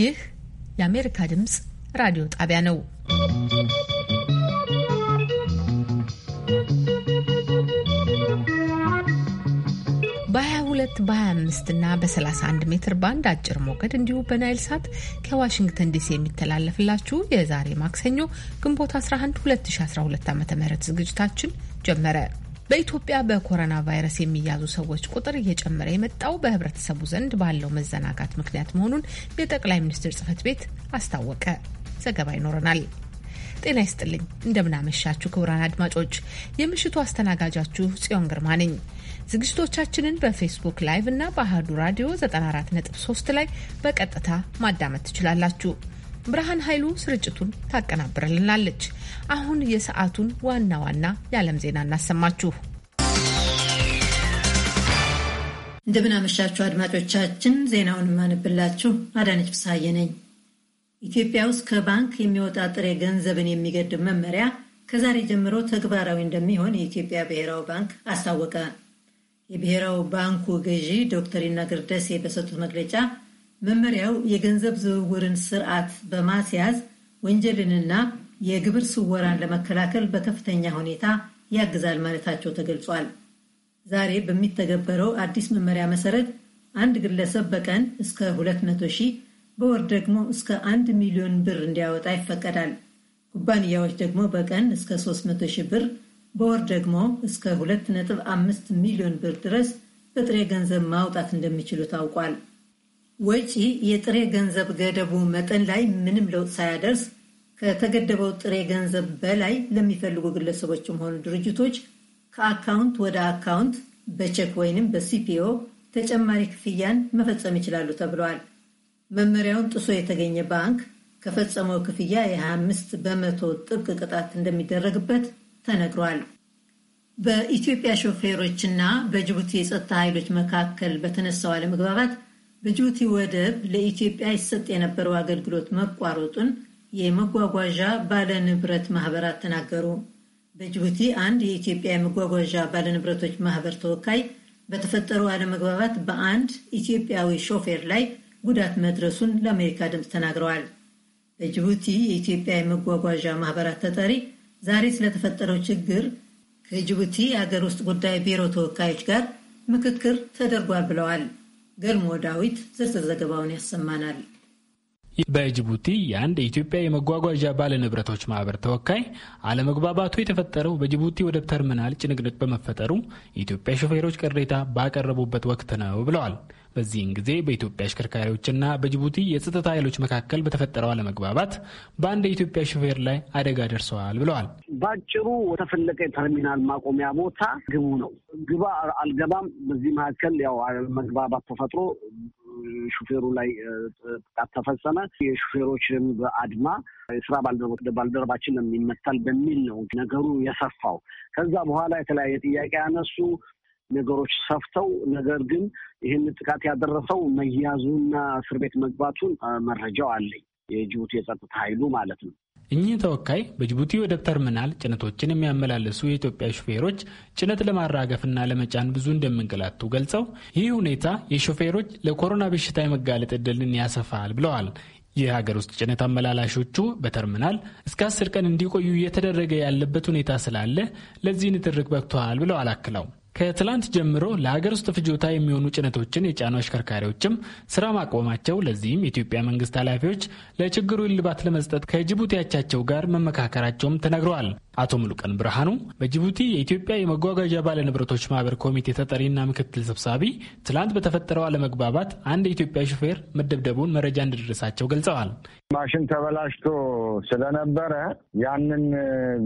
ይህ የአሜሪካ ድምፅ ራዲዮ ጣቢያ ነው። በ22 በ25 እና በ31 ሜትር ባንድ አጭር ሞገድ እንዲሁም በናይል ሳት ከዋሽንግተን ዲሲ የሚተላለፍላችሁ የዛሬ ማክሰኞ ግንቦት 11 2012 ዓ ም ዝግጅታችን ጀመረ። በኢትዮጵያ በኮሮና ቫይረስ የሚያዙ ሰዎች ቁጥር እየጨመረ የመጣው በህብረተሰቡ ዘንድ ባለው መዘናጋት ምክንያት መሆኑን የጠቅላይ ሚኒስትር ጽህፈት ቤት አስታወቀ። ዘገባ ይኖረናል። ጤና ይስጥልኝ፣ እንደምናመሻችሁ ክቡራን አድማጮች፣ የምሽቱ አስተናጋጃችሁ ጽዮን ግርማ ነኝ። ዝግጅቶቻችንን በፌስቡክ ላይቭ እና በአህዱ ራዲዮ 94.3 ላይ በቀጥታ ማዳመጥ ትችላላችሁ። ብርሃን ኃይሉ ስርጭቱን ታቀናብርልናለች። አሁን የሰዓቱን ዋና ዋና የዓለም ዜና እናሰማችሁ። እንደምናመሻችሁ አድማጮቻችን። ዜናውን ማንብላችሁ አዳነች ፍስሐዬ ነኝ። ኢትዮጵያ ውስጥ ከባንክ የሚወጣ ጥሬ ገንዘብን የሚገድብ መመሪያ ከዛሬ ጀምሮ ተግባራዊ እንደሚሆን የኢትዮጵያ ብሔራዊ ባንክ አስታወቀ። የብሔራዊ ባንኩ ገዢ ዶክተር ይናገር ደሴ በሰጡት መግለጫ መመሪያው የገንዘብ ዝውውርን ስርዓት በማስያዝ ወንጀልንና የግብር ስወራን ለመከላከል በከፍተኛ ሁኔታ ያግዛል ማለታቸው ተገልጿል። ዛሬ በሚተገበረው አዲስ መመሪያ መሰረት አንድ ግለሰብ በቀን እስከ 200 ሺህ በወር ደግሞ እስከ 1 ሚሊዮን ብር እንዲያወጣ ይፈቀዳል። ኩባንያዎች ደግሞ በቀን እስከ 300 ሺህ ብር በወር ደግሞ እስከ 2.5 ሚሊዮን ብር ድረስ በጥሬ ገንዘብ ማውጣት እንደሚችሉ ታውቋል። ወጪ የጥሬ ገንዘብ ገደቡ መጠን ላይ ምንም ለውጥ ሳያደርስ ከተገደበው ጥሬ ገንዘብ በላይ ለሚፈልጉ ግለሰቦችም ሆኑ ድርጅቶች ከአካውንት ወደ አካውንት በቼክ ወይንም በሲፒኦ ተጨማሪ ክፍያን መፈጸም ይችላሉ ተብለዋል። መመሪያውን ጥሶ የተገኘ ባንክ ከፈጸመው ክፍያ የ25 በመቶ ጥብቅ ቅጣት እንደሚደረግበት ተነግሯል። በኢትዮጵያ ሾፌሮችና በጅቡቲ የጸጥታ ኃይሎች መካከል በተነሳው አለመግባባት በጅቡቲ ወደብ ለኢትዮጵያ ይሰጥ የነበረው አገልግሎት መቋረጡን የመጓጓዣ ባለንብረት ማህበራት ተናገሩ። በጅቡቲ አንድ የኢትዮጵያ የመጓጓዣ ባለንብረቶች ማህበር ተወካይ በተፈጠሩ አለመግባባት በአንድ ኢትዮጵያዊ ሾፌር ላይ ጉዳት መድረሱን ለአሜሪካ ድምፅ ተናግረዋል። በጅቡቲ የኢትዮጵያ የመጓጓዣ ማህበራት ተጠሪ ዛሬ ስለተፈጠረው ችግር ከጅቡቲ የአገር ውስጥ ጉዳይ ቢሮ ተወካዮች ጋር ምክክር ተደርጓል ብለዋል። ገልሞ ዳዊት ዝርዝር ዘገባውን ያሰማናል። በጅቡቲ የአንድ የኢትዮጵያ የመጓጓዣ ባለንብረቶች ማህበር ተወካይ አለመግባባቱ የተፈጠረው በጅቡቲ ወደብ ተርሚናል ጭንቅንቅ በመፈጠሩ የኢትዮጵያ ሾፌሮች ቅሬታ ባቀረቡበት ወቅት ነው ብለዋል። በዚህን ጊዜ በኢትዮጵያ አሽከርካሪዎችና በጅቡቲ የጸጥታ ኃይሎች መካከል በተፈጠረው አለመግባባት በአንድ የኢትዮጵያ ሹፌር ላይ አደጋ ደርሰዋል ብለዋል። በአጭሩ የተፈለቀ የተርሚናል ማቆሚያ ቦታ ግቡ ነው። ግባ አልገባም። በዚህ መካከል ያው አለመግባባት ተፈጥሮ ሹፌሩ ላይ ጥቃት ተፈጸመ። የሹፌሮችንም በአድማ የስራ ባልደረባችን የሚመታል በሚል ነው ነገሩ የሰፋው። ከዛ በኋላ የተለያየ ጥያቄ ያነሱ ነገሮች ሰፍተው፣ ነገር ግን ይህን ጥቃት ያደረሰው መያዙና እስር ቤት መግባቱን መረጃው አለኝ። የጅቡቲ የጸጥታ ኃይሉ ማለት ነው። እኚህ ተወካይ በጅቡቲ ወደብ ተርሚናል ጭነቶችን የሚያመላልሱ የኢትዮጵያ ሾፌሮች ጭነት ለማራገፍና ለመጫን ብዙ እንደሚንገላቱ ገልጸው ይህ ሁኔታ የሾፌሮች ለኮሮና በሽታ የመጋለጥ እድልን ያሰፋል ብለዋል። የሀገር ውስጥ ጭነት አመላላሾቹ በተርሚናል እስከ አስር ቀን እንዲቆዩ እየተደረገ ያለበት ሁኔታ ስላለ ለዚህ ንትርክ በቅተዋል ብለው አላክለው ከትላንት ጀምሮ ለሀገር ውስጥ ፍጆታ የሚሆኑ ጭነቶችን የጫኑ አሽከርካሪዎችም ስራ ማቆማቸው፣ ለዚህም የኢትዮጵያ መንግስት ኃላፊዎች ለችግሩ እልባት ለመስጠት ከጅቡቲ አቻቸው ጋር መመካከራቸውም ተነግረዋል። አቶ ሙሉቀን ብርሃኑ በጅቡቲ የኢትዮጵያ የመጓጓዣ ባለ ንብረቶች ማህበር ኮሚቴ ተጠሪና ምክትል ሰብሳቢ ትላንት በተፈጠረው አለመግባባት አንድ የኢትዮጵያ ሹፌር መደብደቡን መረጃ እንደደረሳቸው ገልጸዋል። ማሽን ተበላሽቶ ስለነበረ ያንን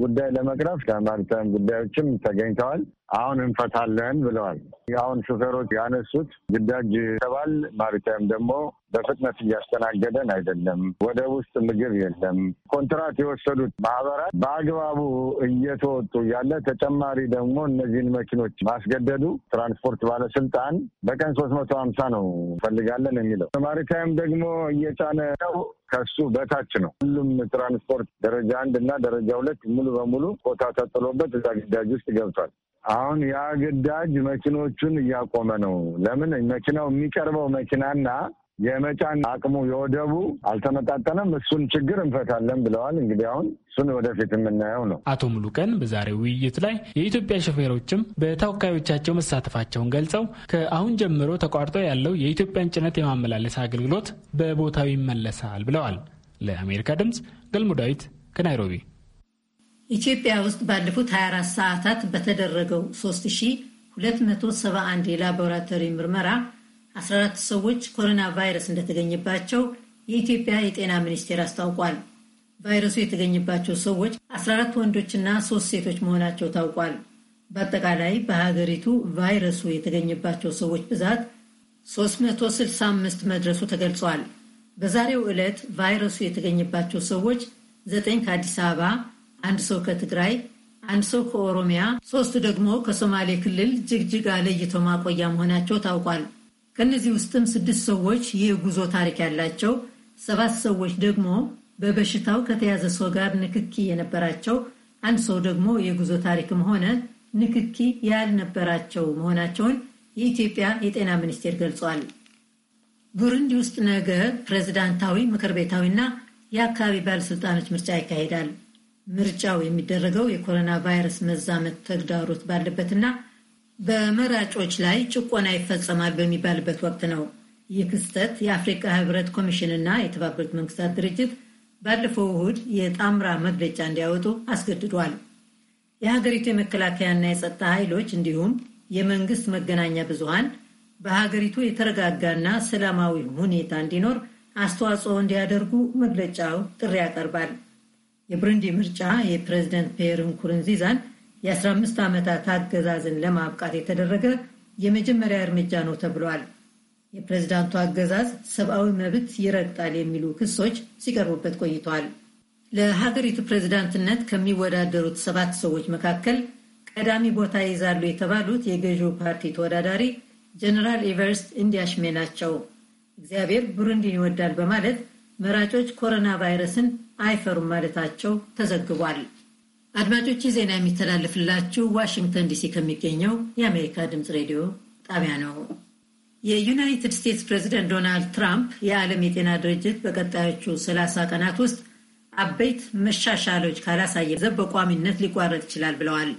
ጉዳይ ለመቅረፍ ተመርተን ጉዳዮችም ተገኝተዋል። አሁን እንፈታለን ብለዋል። የአሁን ሹፌሮች ያነሱት ግዳጅ ተባል ማሪታይም ደግሞ በፍጥነት እያስተናገደን አይደለም። ወደ ውስጥ ምግብ የለም። ኮንትራት የወሰዱት ማህበራት በአግባቡ እየተወጡ ያለ ተጨማሪ ደግሞ እነዚህን መኪኖች ማስገደዱ ትራንስፖርት ባለስልጣን በቀን ሶስት መቶ ሀምሳ ነው እንፈልጋለን የሚለው ማሪታይም ደግሞ እየጫነ ነው። ከሱ በታች ነው። ሁሉም ትራንስፖርት ደረጃ አንድ እና ደረጃ ሁለት ሙሉ በሙሉ ቦታ ተጥሎበት እዛ ግዳጅ ውስጥ ገብቷል። አሁን ያ ግዳጅ መኪኖቹን እያቆመ ነው። ለምን መኪናው የሚቀርበው መኪናና የመጫን አቅሙ የወደቡ አልተመጣጠነም። እሱን ችግር እንፈታለን ብለዋል። እንግዲህ አሁን እሱን ወደፊት የምናየው ነው። አቶ ሙሉቀን በዛሬው ውይይት ላይ የኢትዮጵያ ሾፌሮችም በተወካዮቻቸው መሳተፋቸውን ገልጸው ከአሁን ጀምሮ ተቋርጦ ያለው የኢትዮጵያን ጭነት የማመላለስ አገልግሎት በቦታው ይመለሳል ብለዋል። ለአሜሪካ ድምፅ ገልሞ ዳዊት ከናይሮቢ ኢትዮጵያ ውስጥ ባለፉት 24 ሰዓታት በተደረገው 3271 የላቦራቶሪ ምርመራ 14 ሰዎች ኮሮና ቫይረስ እንደተገኘባቸው የኢትዮጵያ የጤና ሚኒስቴር አስታውቋል። ቫይረሱ የተገኘባቸው ሰዎች 14 ወንዶችና 3 ሴቶች መሆናቸው ታውቋል። በአጠቃላይ በሀገሪቱ ቫይረሱ የተገኘባቸው ሰዎች ብዛት 365 መድረሱ ተገልጿል። በዛሬው ዕለት ቫይረሱ የተገኘባቸው ሰዎች 9 ከአዲስ አበባ አንድ ሰው ከትግራይ፣ አንድ ሰው ከኦሮሚያ፣ ሶስቱ ደግሞ ከሶማሌ ክልል ጅግጅጋ ለይቶ ማቆያ መሆናቸው ታውቋል። ከእነዚህ ውስጥም ስድስት ሰዎች የጉዞ ታሪክ ያላቸው፣ ሰባት ሰዎች ደግሞ በበሽታው ከተያዘ ሰው ጋር ንክኪ የነበራቸው፣ አንድ ሰው ደግሞ የጉዞ ታሪክም ሆነ ንክኪ ያልነበራቸው መሆናቸውን የኢትዮጵያ የጤና ሚኒስቴር ገልጿል። ቡሩንዲ ውስጥ ነገ ፕሬዚዳንታዊ ምክር ቤታዊና የአካባቢ ባለሥልጣኖች ምርጫ ይካሄዳል። ምርጫው የሚደረገው የኮሮና ቫይረስ መዛመት ተግዳሮት ባለበትና በመራጮች ላይ ጭቆና ይፈጸማል በሚባልበት ወቅት ነው። ይህ ክስተት የአፍሪካ ሕብረት ኮሚሽንና የተባበሩት መንግስታት ድርጅት ባለፈው እሁድ የጣምራ መግለጫ እንዲያወጡ አስገድዷል። የሀገሪቱ የመከላከያና የጸጥታ ኃይሎች እንዲሁም የመንግስት መገናኛ ብዙሃን በሀገሪቱ የተረጋጋና ሰላማዊ ሁኔታ እንዲኖር አስተዋጽኦ እንዲያደርጉ መግለጫው ጥሪ ያቀርባል። የብሩንዲ ምርጫ የፕሬዚደንት ፒየር ንኩሩንዚዛን የ15 ዓመታት አገዛዝን ለማብቃት የተደረገ የመጀመሪያ እርምጃ ነው ተብሏል። የፕሬዚዳንቱ አገዛዝ ሰብአዊ መብት ይረግጣል የሚሉ ክሶች ሲቀርቡበት ቆይተዋል። ለሀገሪቱ ፕሬዝዳንትነት ከሚወዳደሩት ሰባት ሰዎች መካከል ቀዳሚ ቦታ ይዛሉ የተባሉት የገዢው ፓርቲ ተወዳዳሪ ጀነራል ኤቨርስት እንዲያሽሜ ናቸው። እግዚአብሔር ብሩንዲን ይወዳል በማለት መራጮች ኮሮና ቫይረስን አይፈሩም ማለታቸው ተዘግቧል። አድማጮች ዜና የሚተላለፍላችሁ ዋሽንግተን ዲሲ ከሚገኘው የአሜሪካ ድምፅ ሬዲዮ ጣቢያ ነው። የዩናይትድ ስቴትስ ፕሬዚደንት ዶናልድ ትራምፕ የዓለም የጤና ድርጅት በቀጣዮቹ 30 ቀናት ውስጥ አበይት መሻሻሎች ካላሳየ ዘብ በቋሚነት ሊቋረጥ ይችላል ብለዋል።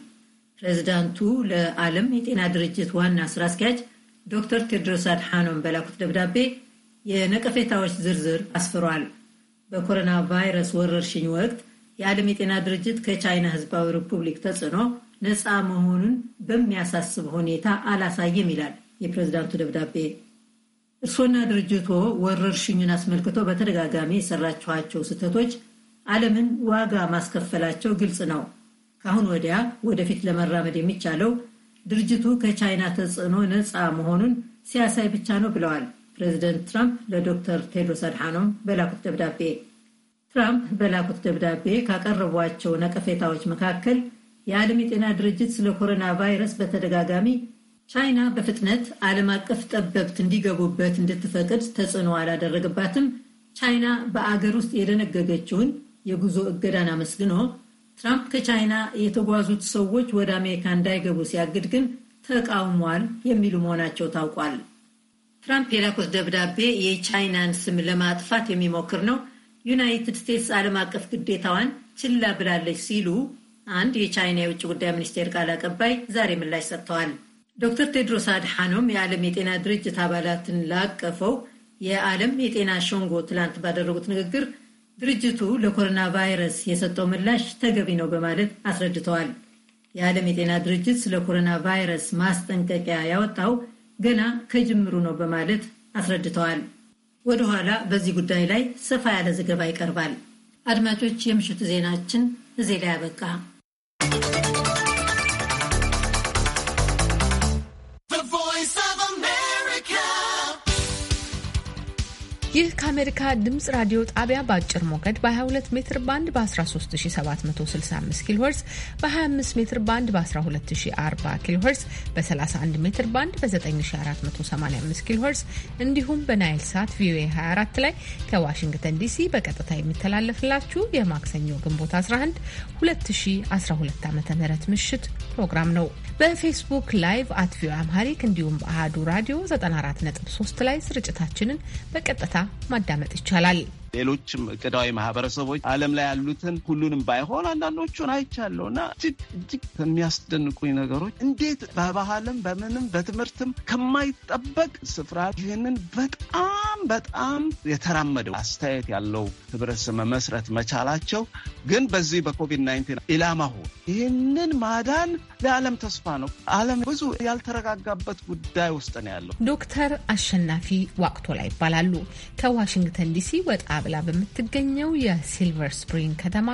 ፕሬዚዳንቱ ለዓለም የጤና ድርጅት ዋና ስራ አስኪያጅ ዶክተር ቴድሮስ አድሓኖም በላኩት ደብዳቤ የነቀፌታዎች ዝርዝር አስፍሯል። በኮሮና ቫይረስ ወረርሽኝ ወቅት የዓለም የጤና ድርጅት ከቻይና ህዝባዊ ሪፑብሊክ ተጽዕኖ ነፃ መሆኑን በሚያሳስብ ሁኔታ አላሳየም ይላል የፕሬዝዳንቱ ደብዳቤ። እርሶና ድርጅቶ ወረርሽኙን አስመልክቶ በተደጋጋሚ የሰራችኋቸው ስህተቶች ዓለምን ዋጋ ማስከፈላቸው ግልጽ ነው። ከአሁን ወዲያ ወደፊት ለመራመድ የሚቻለው ድርጅቱ ከቻይና ተጽዕኖ ነፃ መሆኑን ሲያሳይ ብቻ ነው ብለዋል ፕሬዚደንት ትራምፕ ለዶክተር ቴድሮስ አድሓኖም በላኩት ደብዳቤ። ትራምፕ በላኩት ደብዳቤ ካቀረቧቸው ነቀፌታዎች መካከል የዓለም የጤና ድርጅት ስለ ኮሮና ቫይረስ በተደጋጋሚ ቻይና በፍጥነት ዓለም አቀፍ ጠበብት እንዲገቡበት እንድትፈቅድ ተጽዕኖ አላደረገባትም፣ ቻይና በአገር ውስጥ የደነገገችውን የጉዞ እገዳን አመስግኖ ትራምፕ ከቻይና የተጓዙት ሰዎች ወደ አሜሪካ እንዳይገቡ ሲያግድ ግን ተቃውሟል የሚሉ መሆናቸው ታውቋል። ትራምፕ የላኩት ደብዳቤ የቻይናን ስም ለማጥፋት የሚሞክር ነው፣ ዩናይትድ ስቴትስ ዓለም አቀፍ ግዴታዋን ችላ ብላለች ሲሉ አንድ የቻይና የውጭ ጉዳይ ሚኒስቴር ቃል አቀባይ ዛሬ ምላሽ ሰጥተዋል። ዶክተር ቴድሮስ አድሓኖም የዓለም የጤና ድርጅት አባላትን ላቀፈው የዓለም የጤና ሸንጎ ትላንት ባደረጉት ንግግር ድርጅቱ ለኮሮና ቫይረስ የሰጠው ምላሽ ተገቢ ነው በማለት አስረድተዋል። የዓለም የጤና ድርጅት ስለ ኮሮና ቫይረስ ማስጠንቀቂያ ያወጣው ገና ከጅምሩ ነው በማለት አስረድተዋል። ወደኋላ በዚህ ጉዳይ ላይ ሰፋ ያለ ዘገባ ይቀርባል። አድማጮች፣ የምሽቱ ዜናችን እዚህ ላይ ያበቃ። ይህ ከአሜሪካ ድምጽ ራዲዮ ጣቢያ በአጭር ሞገድ በ22 ሜትር ባንድ በ13765 ኪሎ ሄርዝ በ25 ሜትር ባንድ በ1240 ኪሎ ሄርዝ በ31 ሜትር ባንድ በ9485 ኪሎ ሄርዝ እንዲሁም በናይል ሳት ቪኦኤ 24 ላይ ከዋሽንግተን ዲሲ በቀጥታ የሚተላለፍላችሁ የማክሰኞ ግንቦት 11 2012 ዓ ም ምሽት ፕሮግራም ነው። በፌስቡክ ላይቭ አት ቪኦኤ አምሃሪክ እንዲሁም በአህዱ ራዲዮ 94.3 ላይ ስርጭታችንን በቀጥታ ማዳመጥ ይቻላል። ሌሎችም ቅዳዊ ማህበረሰቦች ዓለም ላይ ያሉትን ሁሉንም ባይሆን አንዳንዶቹን አይቻለሁ እና እጅግ እጅግ የሚያስደንቁኝ ነገሮች እንዴት በባህልም በምንም በትምህርትም ከማይጠበቅ ስፍራ ይህንን በጣም በጣም የተራመደው አስተያየት ያለው ህብረተሰብ መመስረት መቻላቸው ግን በዚህ በኮቪድ 19 ኢላማ ሆ ይህንን ማዳን ለዓለም ተስፋ ነው። ዓለም ብዙ ያልተረጋጋበት ጉዳይ ውስጥ ነው ያለው። ዶክተር አሸናፊ ዋቅቶ ላይ ይባላሉ ከዋሽንግተን ዲሲ ወጣ ብላ በምትገኘው የሲልቨር ስፕሪንግ ከተማ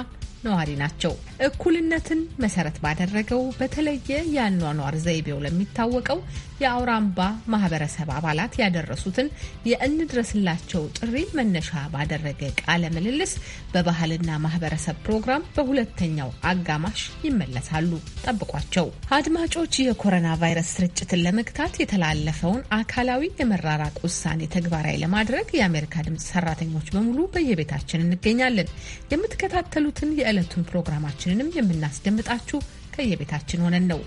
ነዋሪ ናቸው። እኩልነትን መሰረት ባደረገው በተለየ የአኗኗር ዘይቤው ለሚታወቀው የአውራምባ ማህበረሰብ አባላት ያደረሱትን የእንድረስላቸው ጥሪ መነሻ ባደረገ ቃለ ምልልስ በባህልና ማህበረሰብ ፕሮግራም በሁለተኛው አጋማሽ ይመለሳሉ። ጠብቋቸው አድማጮች። የኮሮና ቫይረስ ስርጭትን ለመግታት የተላለፈውን አካላዊ የመራራቅ ውሳኔ ተግባራዊ ለማድረግ የአሜሪካ ድምጽ ሰራተኞች በሙሉ በየቤታችን እንገኛለን። የምትከታተሉትን የ የዕለቱን ፕሮግራማችንንም የምናስደምጣችሁ ከየቤታችን ሆነን ነው።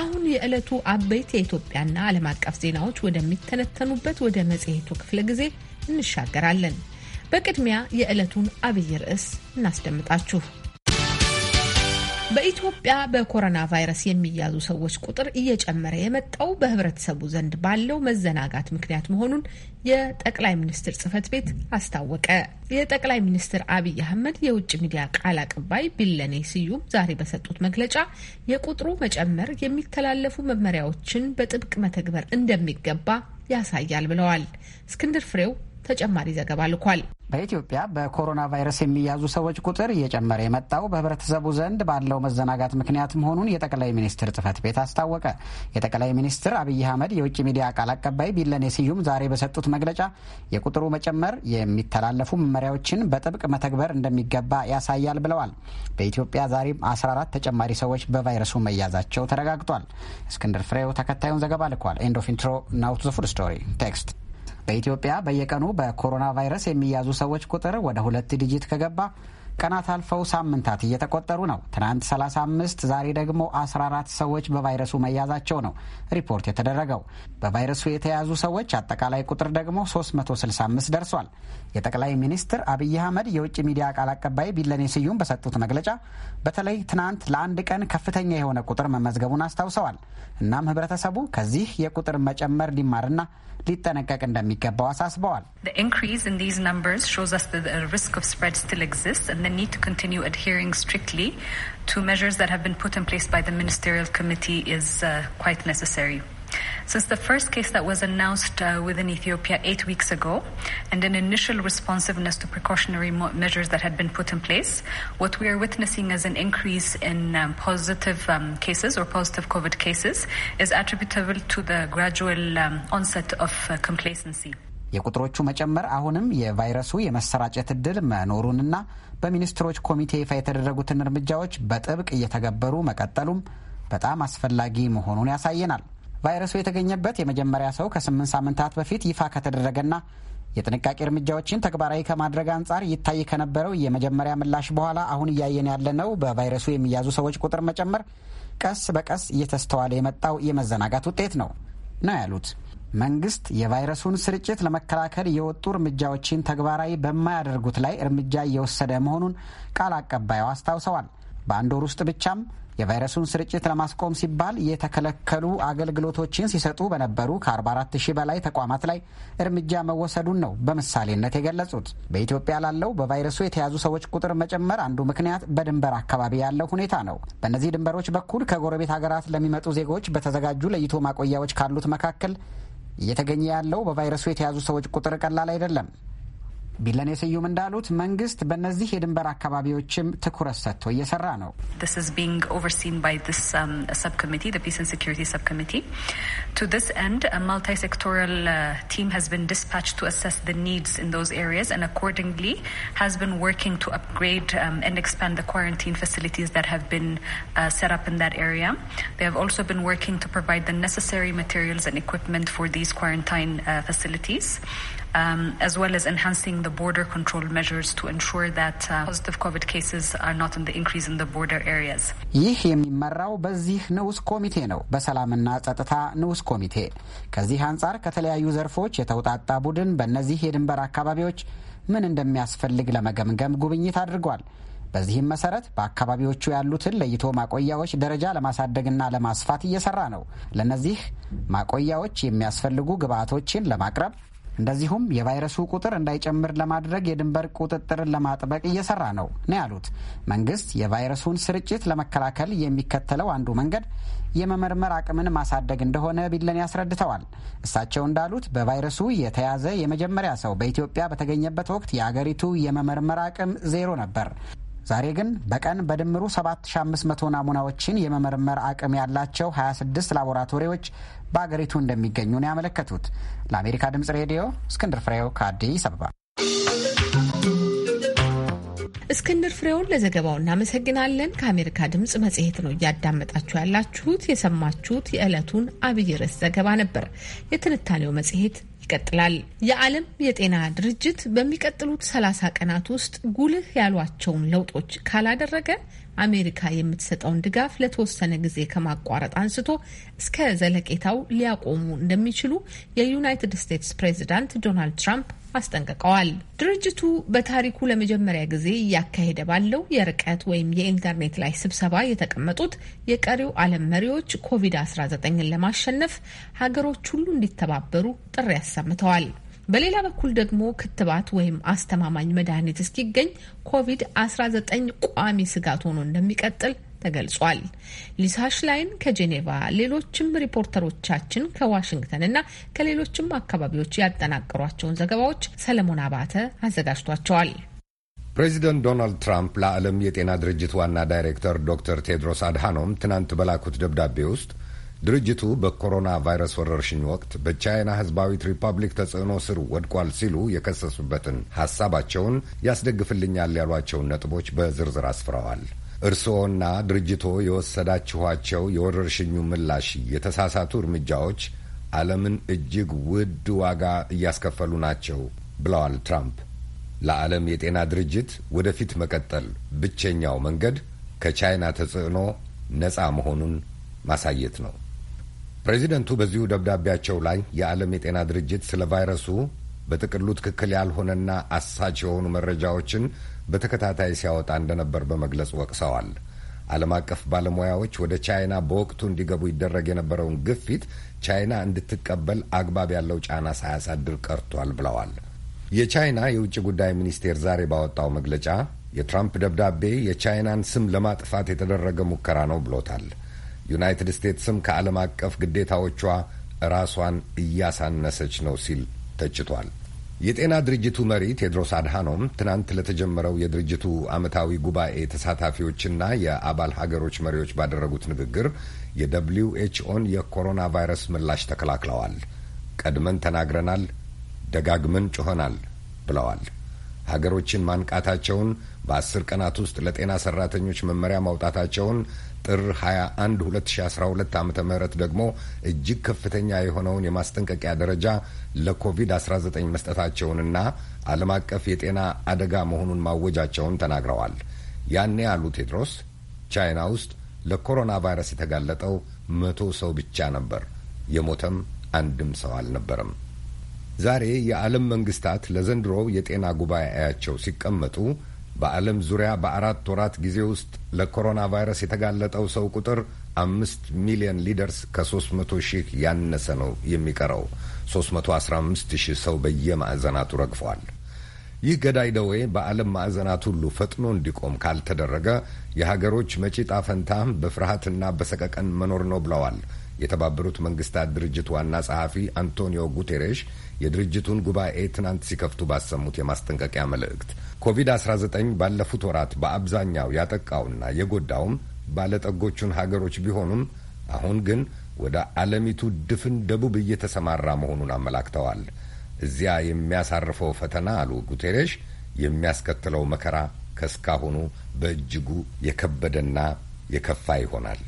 አሁን የዕለቱ አበይት የኢትዮጵያና ዓለም አቀፍ ዜናዎች ወደሚተነተኑበት ወደ መጽሔቱ ክፍለ ጊዜ እንሻገራለን። በቅድሚያ የዕለቱን አብይ ርዕስ እናስደምጣችሁ። በኢትዮጵያ በኮሮና ቫይረስ የሚያዙ ሰዎች ቁጥር እየጨመረ የመጣው በህብረተሰቡ ዘንድ ባለው መዘናጋት ምክንያት መሆኑን የጠቅላይ ሚኒስትር ጽህፈት ቤት አስታወቀ። የጠቅላይ ሚኒስትር አብይ አህመድ የውጭ ሚዲያ ቃል አቀባይ ቢለኔ ስዩም ዛሬ በሰጡት መግለጫ የቁጥሩ መጨመር የሚተላለፉ መመሪያዎችን በጥብቅ መተግበር እንደሚገባ ያሳያል ብለዋል። እስክንድር ፍሬው ተጨማሪ ዘገባ ልኳል። በኢትዮጵያ በኮሮና ቫይረስ የሚያዙ ሰዎች ቁጥር እየጨመረ የመጣው በህብረተሰቡ ዘንድ ባለው መዘናጋት ምክንያት መሆኑን የጠቅላይ ሚኒስትር ጽህፈት ቤት አስታወቀ። የጠቅላይ ሚኒስትር አብይ አህመድ የውጭ ሚዲያ ቃል አቀባይ ቢለኔ ስዩም ዛሬ በሰጡት መግለጫ የቁጥሩ መጨመር የሚተላለፉ መመሪያዎችን በጥብቅ መተግበር እንደሚገባ ያሳያል ብለዋል። በኢትዮጵያ ዛሬም 14 ተጨማሪ ሰዎች በቫይረሱ መያዛቸው ተረጋግጧል። እስክንድር ፍሬው ተከታዩን ዘገባ ልኳል። ኤንድ ኦፍ ኢንትሮ ዘ ፉድ ስቶሪ ቴክስት በኢትዮጵያ በየቀኑ በኮሮና ቫይረስ የሚያዙ ሰዎች ቁጥር ወደ ሁለት ዲጂት ከገባ ቀናት አልፈው ሳምንታት እየተቆጠሩ ነው። ትናንት 35 ዛሬ ደግሞ 14 ሰዎች በቫይረሱ መያዛቸው ነው ሪፖርት የተደረገው። በቫይረሱ የተያዙ ሰዎች አጠቃላይ ቁጥር ደግሞ 365 ደርሷል። የጠቅላይ ሚኒስትር አብይ አህመድ የውጭ ሚዲያ ቃል አቀባይ ቢለኔ ስዩም በሰጡት መግለጫ በተለይ ትናንት ለአንድ ቀን ከፍተኛ የሆነ ቁጥር መመዝገቡን አስታውሰዋል። እናም ህብረተሰቡ ከዚህ የቁጥር መጨመር ሊማርና ሊጠነቀቅ እንደሚገባው አሳስበዋል። ሪንግ Since the first case that was announced uh, within Ethiopia eight weeks ago, and an initial responsiveness to precautionary measures that had been put in place, what we are witnessing as an increase in um, positive um, cases or positive COVID cases is attributable to the gradual um, onset of uh, complacency. የቁጥሮቹ መጨመር አሁንም የቫይረሱ የመሰራጨት እድል መኖሩንና በሚኒስትሮች ኮሚቴ ይፋ የተደረጉትን እርምጃዎች በጥብቅ እየተገበሩ መቀጠሉም በጣም አስፈላጊ መሆኑን ያሳየናል። ቫይረሱ የተገኘበት የመጀመሪያ ሰው ከስምንት ሳምንታት በፊት ይፋ ከተደረገና የጥንቃቄ እርምጃዎችን ተግባራዊ ከማድረግ አንጻር ይታይ ከነበረው የመጀመሪያ ምላሽ በኋላ አሁን እያየን ያለነው በቫይረሱ የሚያዙ ሰዎች ቁጥር መጨመር ቀስ በቀስ እየተስተዋለ የመጣው የመዘናጋት ውጤት ነው ነው ያሉት። መንግስት የቫይረሱን ስርጭት ለመከላከል የወጡ እርምጃዎችን ተግባራዊ በማያደርጉት ላይ እርምጃ እየወሰደ መሆኑን ቃል አቀባዩ አስታውሰዋል። በአንድ ወር ውስጥ ብቻም የቫይረሱን ስርጭት ለማስቆም ሲባል የተከለከሉ አገልግሎቶችን ሲሰጡ በነበሩ ከ44 ሺህ በላይ ተቋማት ላይ እርምጃ መወሰዱን ነው በምሳሌነት የገለጹት። በኢትዮጵያ ላለው በቫይረሱ የተያዙ ሰዎች ቁጥር መጨመር አንዱ ምክንያት በድንበር አካባቢ ያለው ሁኔታ ነው። በእነዚህ ድንበሮች በኩል ከጎረቤት ሀገራት ለሚመጡ ዜጎች በተዘጋጁ ለይቶ ማቆያዎች ካሉት መካከል እየተገኘ ያለው በቫይረሱ የተያዙ ሰዎች ቁጥር ቀላል አይደለም። ቢለኔ ስዩም እንዳሉት መንግስት በእነዚህ የድንበር አካባቢዎችም ትኩረት ሰጥቶ እየሰራ ነው። ሪን um, as well as enhancing the border control measures to ensure that uh, positive COVID cases are not in the increase in the border areas. ይህ የሚመራው በዚህ ንዑስ ኮሚቴ ነው፣ በሰላምና ጸጥታ ንዑስ ኮሚቴ። ከዚህ አንጻር ከተለያዩ ዘርፎች የተውጣጣ ቡድን በእነዚህ የድንበር አካባቢዎች ምን እንደሚያስፈልግ ለመገምገም ጉብኝት አድርጓል። በዚህም መሰረት በአካባቢዎቹ ያሉትን ለይቶ ማቆያዎች ደረጃ ለማሳደግና ለማስፋት እየሰራ ነው። ለእነዚህ ማቆያዎች የሚያስፈልጉ ግብዓቶችን ለማቅረብ እንደዚሁም የቫይረሱ ቁጥር እንዳይጨምር ለማድረግ የድንበር ቁጥጥርን ለማጥበቅ እየሰራ ነው ነው ያሉት። መንግስት የቫይረሱን ስርጭት ለመከላከል የሚከተለው አንዱ መንገድ የመመርመር አቅምን ማሳደግ እንደሆነ ቢለን ያስረድተዋል። እሳቸው እንዳሉት በቫይረሱ የተያዘ የመጀመሪያ ሰው በኢትዮጵያ በተገኘበት ወቅት የአገሪቱ የመመርመር አቅም ዜሮ ነበር። ዛሬ ግን በቀን በድምሩ 7500 ናሙናዎችን የመመርመር አቅም ያላቸው 26 ላቦራቶሪዎች በአገሪቱ እንደሚገኙ ነው ያመለከቱት። ለአሜሪካ ድምፅ ሬዲዮ እስክንድር ፍሬው ከአዲስ አበባ። እስክንድር ፍሬውን ለዘገባው እናመሰግናለን። ከአሜሪካ ድምፅ መጽሔት ነው እያዳመጣችሁ ያላችሁት። የሰማችሁት የዕለቱን አብይ ርዕስ ዘገባ ነበር። የትንታኔው መጽሔት ይቀጥላል። የዓለም የጤና ድርጅት በሚቀጥሉት ሰላሳ ቀናት ውስጥ ጉልህ ያሏቸውን ለውጦች ካላደረገ አሜሪካ የምትሰጠውን ድጋፍ ለተወሰነ ጊዜ ከማቋረጥ አንስቶ እስከ ዘለቄታው ሊያቆሙ እንደሚችሉ የዩናይትድ ስቴትስ ፕሬዚዳንት ዶናልድ ትራምፕ አስጠንቅቀዋል። ድርጅቱ በታሪኩ ለመጀመሪያ ጊዜ እያካሄደ ባለው የርቀት ወይም የኢንተርኔት ላይ ስብሰባ የተቀመጡት የቀሪው ዓለም መሪዎች ኮቪድ-19ን ለማሸነፍ ሀገሮች ሁሉ እንዲተባበሩ ጥሪ አሰምተዋል። በሌላ በኩል ደግሞ ክትባት ወይም አስተማማኝ መድኃኒት እስኪገኝ ኮቪድ-19 ቋሚ ስጋት ሆኖ እንደሚቀጥል ተገልጿል። ሊሳ ሽላይን ከጄኔቫ ሌሎችም ሪፖርተሮቻችን እና ከሌሎችም አካባቢዎች ያጠናቀሯቸውን ዘገባዎች ሰለሞን አባተ አዘጋጅቷቸዋል። ፕሬዚደንት ዶናልድ ትራምፕ ለዓለም የጤና ድርጅት ዋና ዳይሬክተር ዶክተር ቴድሮስ አድሃኖም ትናንት በላኩት ደብዳቤ ውስጥ ድርጅቱ በኮሮና ቫይረስ ወረርሽኝ ወቅት በቻይና ሕዝባዊት ሪፐብሊክ ተጽዕኖ ስር ወድቋል ሲሉ የከሰሱበትን ሀሳባቸውን ያስደግፍልኛል ያሏቸውን ነጥቦች በዝርዝር አስፍረዋል። እርስዎና ድርጅቶ የወሰዳችኋቸው የወረርሽኙ ምላሽ የተሳሳቱ እርምጃዎች ዓለምን እጅግ ውድ ዋጋ እያስከፈሉ ናቸው ብለዋል ትራምፕ። ለዓለም የጤና ድርጅት ወደፊት መቀጠል ብቸኛው መንገድ ከቻይና ተጽዕኖ ነፃ መሆኑን ማሳየት ነው። ፕሬዚደንቱ በዚሁ ደብዳቤያቸው ላይ የዓለም የጤና ድርጅት ስለ ቫይረሱ በጥቅሉ ትክክል ያልሆነና አሳች የሆኑ መረጃዎችን በተከታታይ ሲያወጣ እንደነበር በመግለጽ ወቅሰዋል። ዓለም አቀፍ ባለሙያዎች ወደ ቻይና በወቅቱ እንዲገቡ ይደረግ የነበረውን ግፊት ቻይና እንድትቀበል አግባብ ያለው ጫና ሳያሳድር ቀርቷል ብለዋል። የቻይና የውጭ ጉዳይ ሚኒስቴር ዛሬ ባወጣው መግለጫ የትራምፕ ደብዳቤ የቻይናን ስም ለማጥፋት የተደረገ ሙከራ ነው ብሎታል። ዩናይትድ ስቴትስም ከዓለም አቀፍ ግዴታዎቿ ራሷን እያሳነሰች ነው ሲል ተችቷል። የጤና ድርጅቱ መሪ ቴድሮስ አድሃኖም ትናንት ለተጀመረው የድርጅቱ ዓመታዊ ጉባኤ ተሳታፊዎችና የአባል ሀገሮች መሪዎች ባደረጉት ንግግር የደብሊው ኤችኦን የኮሮና ቫይረስ ምላሽ ተከላክለዋል። ቀድመን ተናግረናል፣ ደጋግመን ጮኸናል ብለዋል። ሀገሮችን ማንቃታቸውን፣ በአስር ቀናት ውስጥ ለጤና ሰራተኞች መመሪያ ማውጣታቸውን፣ ጥር 21 2012 ዓ ም ደግሞ እጅግ ከፍተኛ የሆነውን የማስጠንቀቂያ ደረጃ ለኮቪድ-19 መስጠታቸውንና ዓለም አቀፍ የጤና አደጋ መሆኑን ማወጃቸውን ተናግረዋል። ያኔ አሉ ቴድሮስ ቻይና ውስጥ ለኮሮና ቫይረስ የተጋለጠው መቶ ሰው ብቻ ነበር። የሞተም አንድም ሰው አልነበረም። ዛሬ የዓለም መንግስታት ለዘንድሮው የጤና ጉባኤያቸው ሲቀመጡ በዓለም ዙሪያ በአራት ወራት ጊዜ ውስጥ ለኮሮና ቫይረስ የተጋለጠው ሰው ቁጥር አምስት ሚሊዮን ሊደርስ ከሶስት መቶ ሺህ ያነሰ ነው የሚቀረው። ሶስት መቶ አስራ አምስት ሺህ ሰው በየማዕዘናቱ ረግፏል። ይህ ገዳይ ደዌ በዓለም ማዕዘናት ሁሉ ፈጥኖ እንዲቆም ካልተደረገ የሀገሮች መጪ ጣፈንታም በፍርሃትና በሰቀቀን መኖር ነው ብለዋል የተባበሩት መንግስታት ድርጅት ዋና ጸሐፊ አንቶኒዮ ጉቴሬሽ የድርጅቱን ጉባኤ ትናንት ሲከፍቱ ባሰሙት የማስጠንቀቂያ መልእክት ኮቪድ-19 ባለፉት ወራት በአብዛኛው ያጠቃውና የጎዳውም ባለጠጎቹን ሀገሮች ቢሆኑም አሁን ግን ወደ ዓለሚቱ ድፍን ደቡብ እየተሰማራ መሆኑን አመላክተዋል። እዚያ የሚያሳርፈው ፈተና አሉ ጉቴሬሽ፣ የሚያስከትለው መከራ ከእስካሁኑ በእጅጉ የከበደና የከፋ ይሆናል።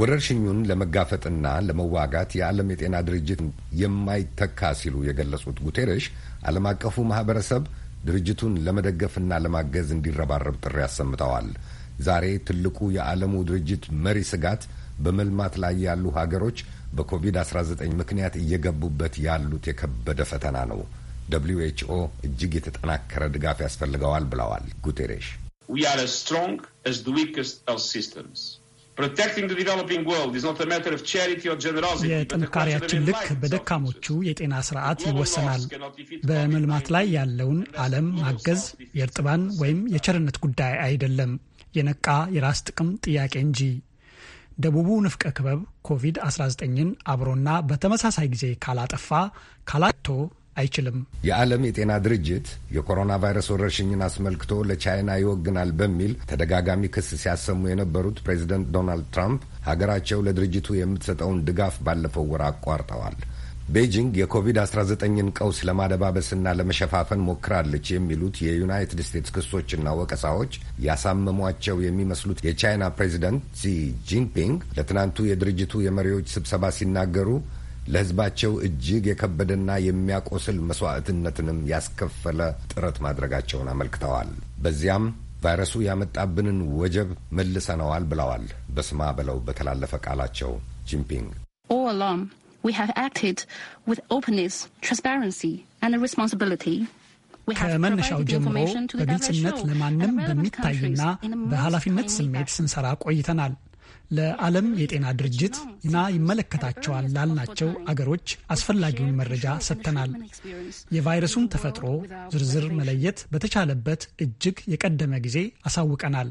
ወረርሽኙን ለመጋፈጥና ለመዋጋት የዓለም የጤና ድርጅት የማይተካ ሲሉ የገለጹት ጉቴሬሽ ዓለም አቀፉ ማህበረሰብ ድርጅቱን ለመደገፍና ለማገዝ እንዲረባረብ ጥሪ አሰምተዋል። ዛሬ ትልቁ የዓለሙ ድርጅት መሪ ስጋት በመልማት ላይ ያሉ ሀገሮች በኮቪድ-19 ምክንያት እየገቡበት ያሉት የከበደ ፈተና ነው። ደብሊዩ ኤችኦ እጅግ የተጠናከረ ድጋፍ ያስፈልገዋል ብለዋል ጉቴሬሽ። የጥንካሬያችን ልክ በደካሞቹ የጤና ስርዓት ይወሰናል። በመልማት ላይ ያለውን ዓለም ማገዝ የእርጥባን ወይም የቸርነት ጉዳይ አይደለም፣ የነቃ የራስ ጥቅም ጥያቄ እንጂ። ደቡቡ ንፍቀ ክበብ ኮቪድ-19ን አብሮና በተመሳሳይ ጊዜ ካላጠፋ ካላቶ አይችልም። የዓለም የጤና ድርጅት የኮሮና ቫይረስ ወረርሽኝን አስመልክቶ ለቻይና ይወግናል በሚል ተደጋጋሚ ክስ ሲያሰሙ የነበሩት ፕሬዚደንት ዶናልድ ትራምፕ ሀገራቸው ለድርጅቱ የምትሰጠውን ድጋፍ ባለፈው ወር አቋርጠዋል። ቤጂንግ የኮቪድ-19ን ቀውስ ለማደባበስና ለመሸፋፈን ሞክራለች የሚሉት የዩናይትድ ስቴትስ ክሶችና ወቀሳዎች ያሳመሟቸው የሚመስሉት የቻይና ፕሬዚደንት ሲ ጂንፒንግ ለትናንቱ የድርጅቱ የመሪዎች ስብሰባ ሲናገሩ ለሕዝባቸው እጅግ የከበደና የሚያቆስል መስዋዕትነትንም ያስከፈለ ጥረት ማድረጋቸውን አመልክተዋል። በዚያም ቫይረሱ ያመጣብንን ወጀብ መልሰነዋል ብለዋል። በስማ በለው በተላለፈ ቃላቸው ጂንፒንግ ከመነሻው ጀምሮ በግልጽነት ለማንም በሚታይና በኃላፊነት ስሜት ስንሰራ ቆይተናል። ለዓለም የጤና ድርጅት እና ይመለከታቸዋል ላልናቸው አገሮች አስፈላጊውን መረጃ ሰጥተናል። የቫይረሱን ተፈጥሮ ዝርዝር መለየት በተቻለበት እጅግ የቀደመ ጊዜ አሳውቀናል።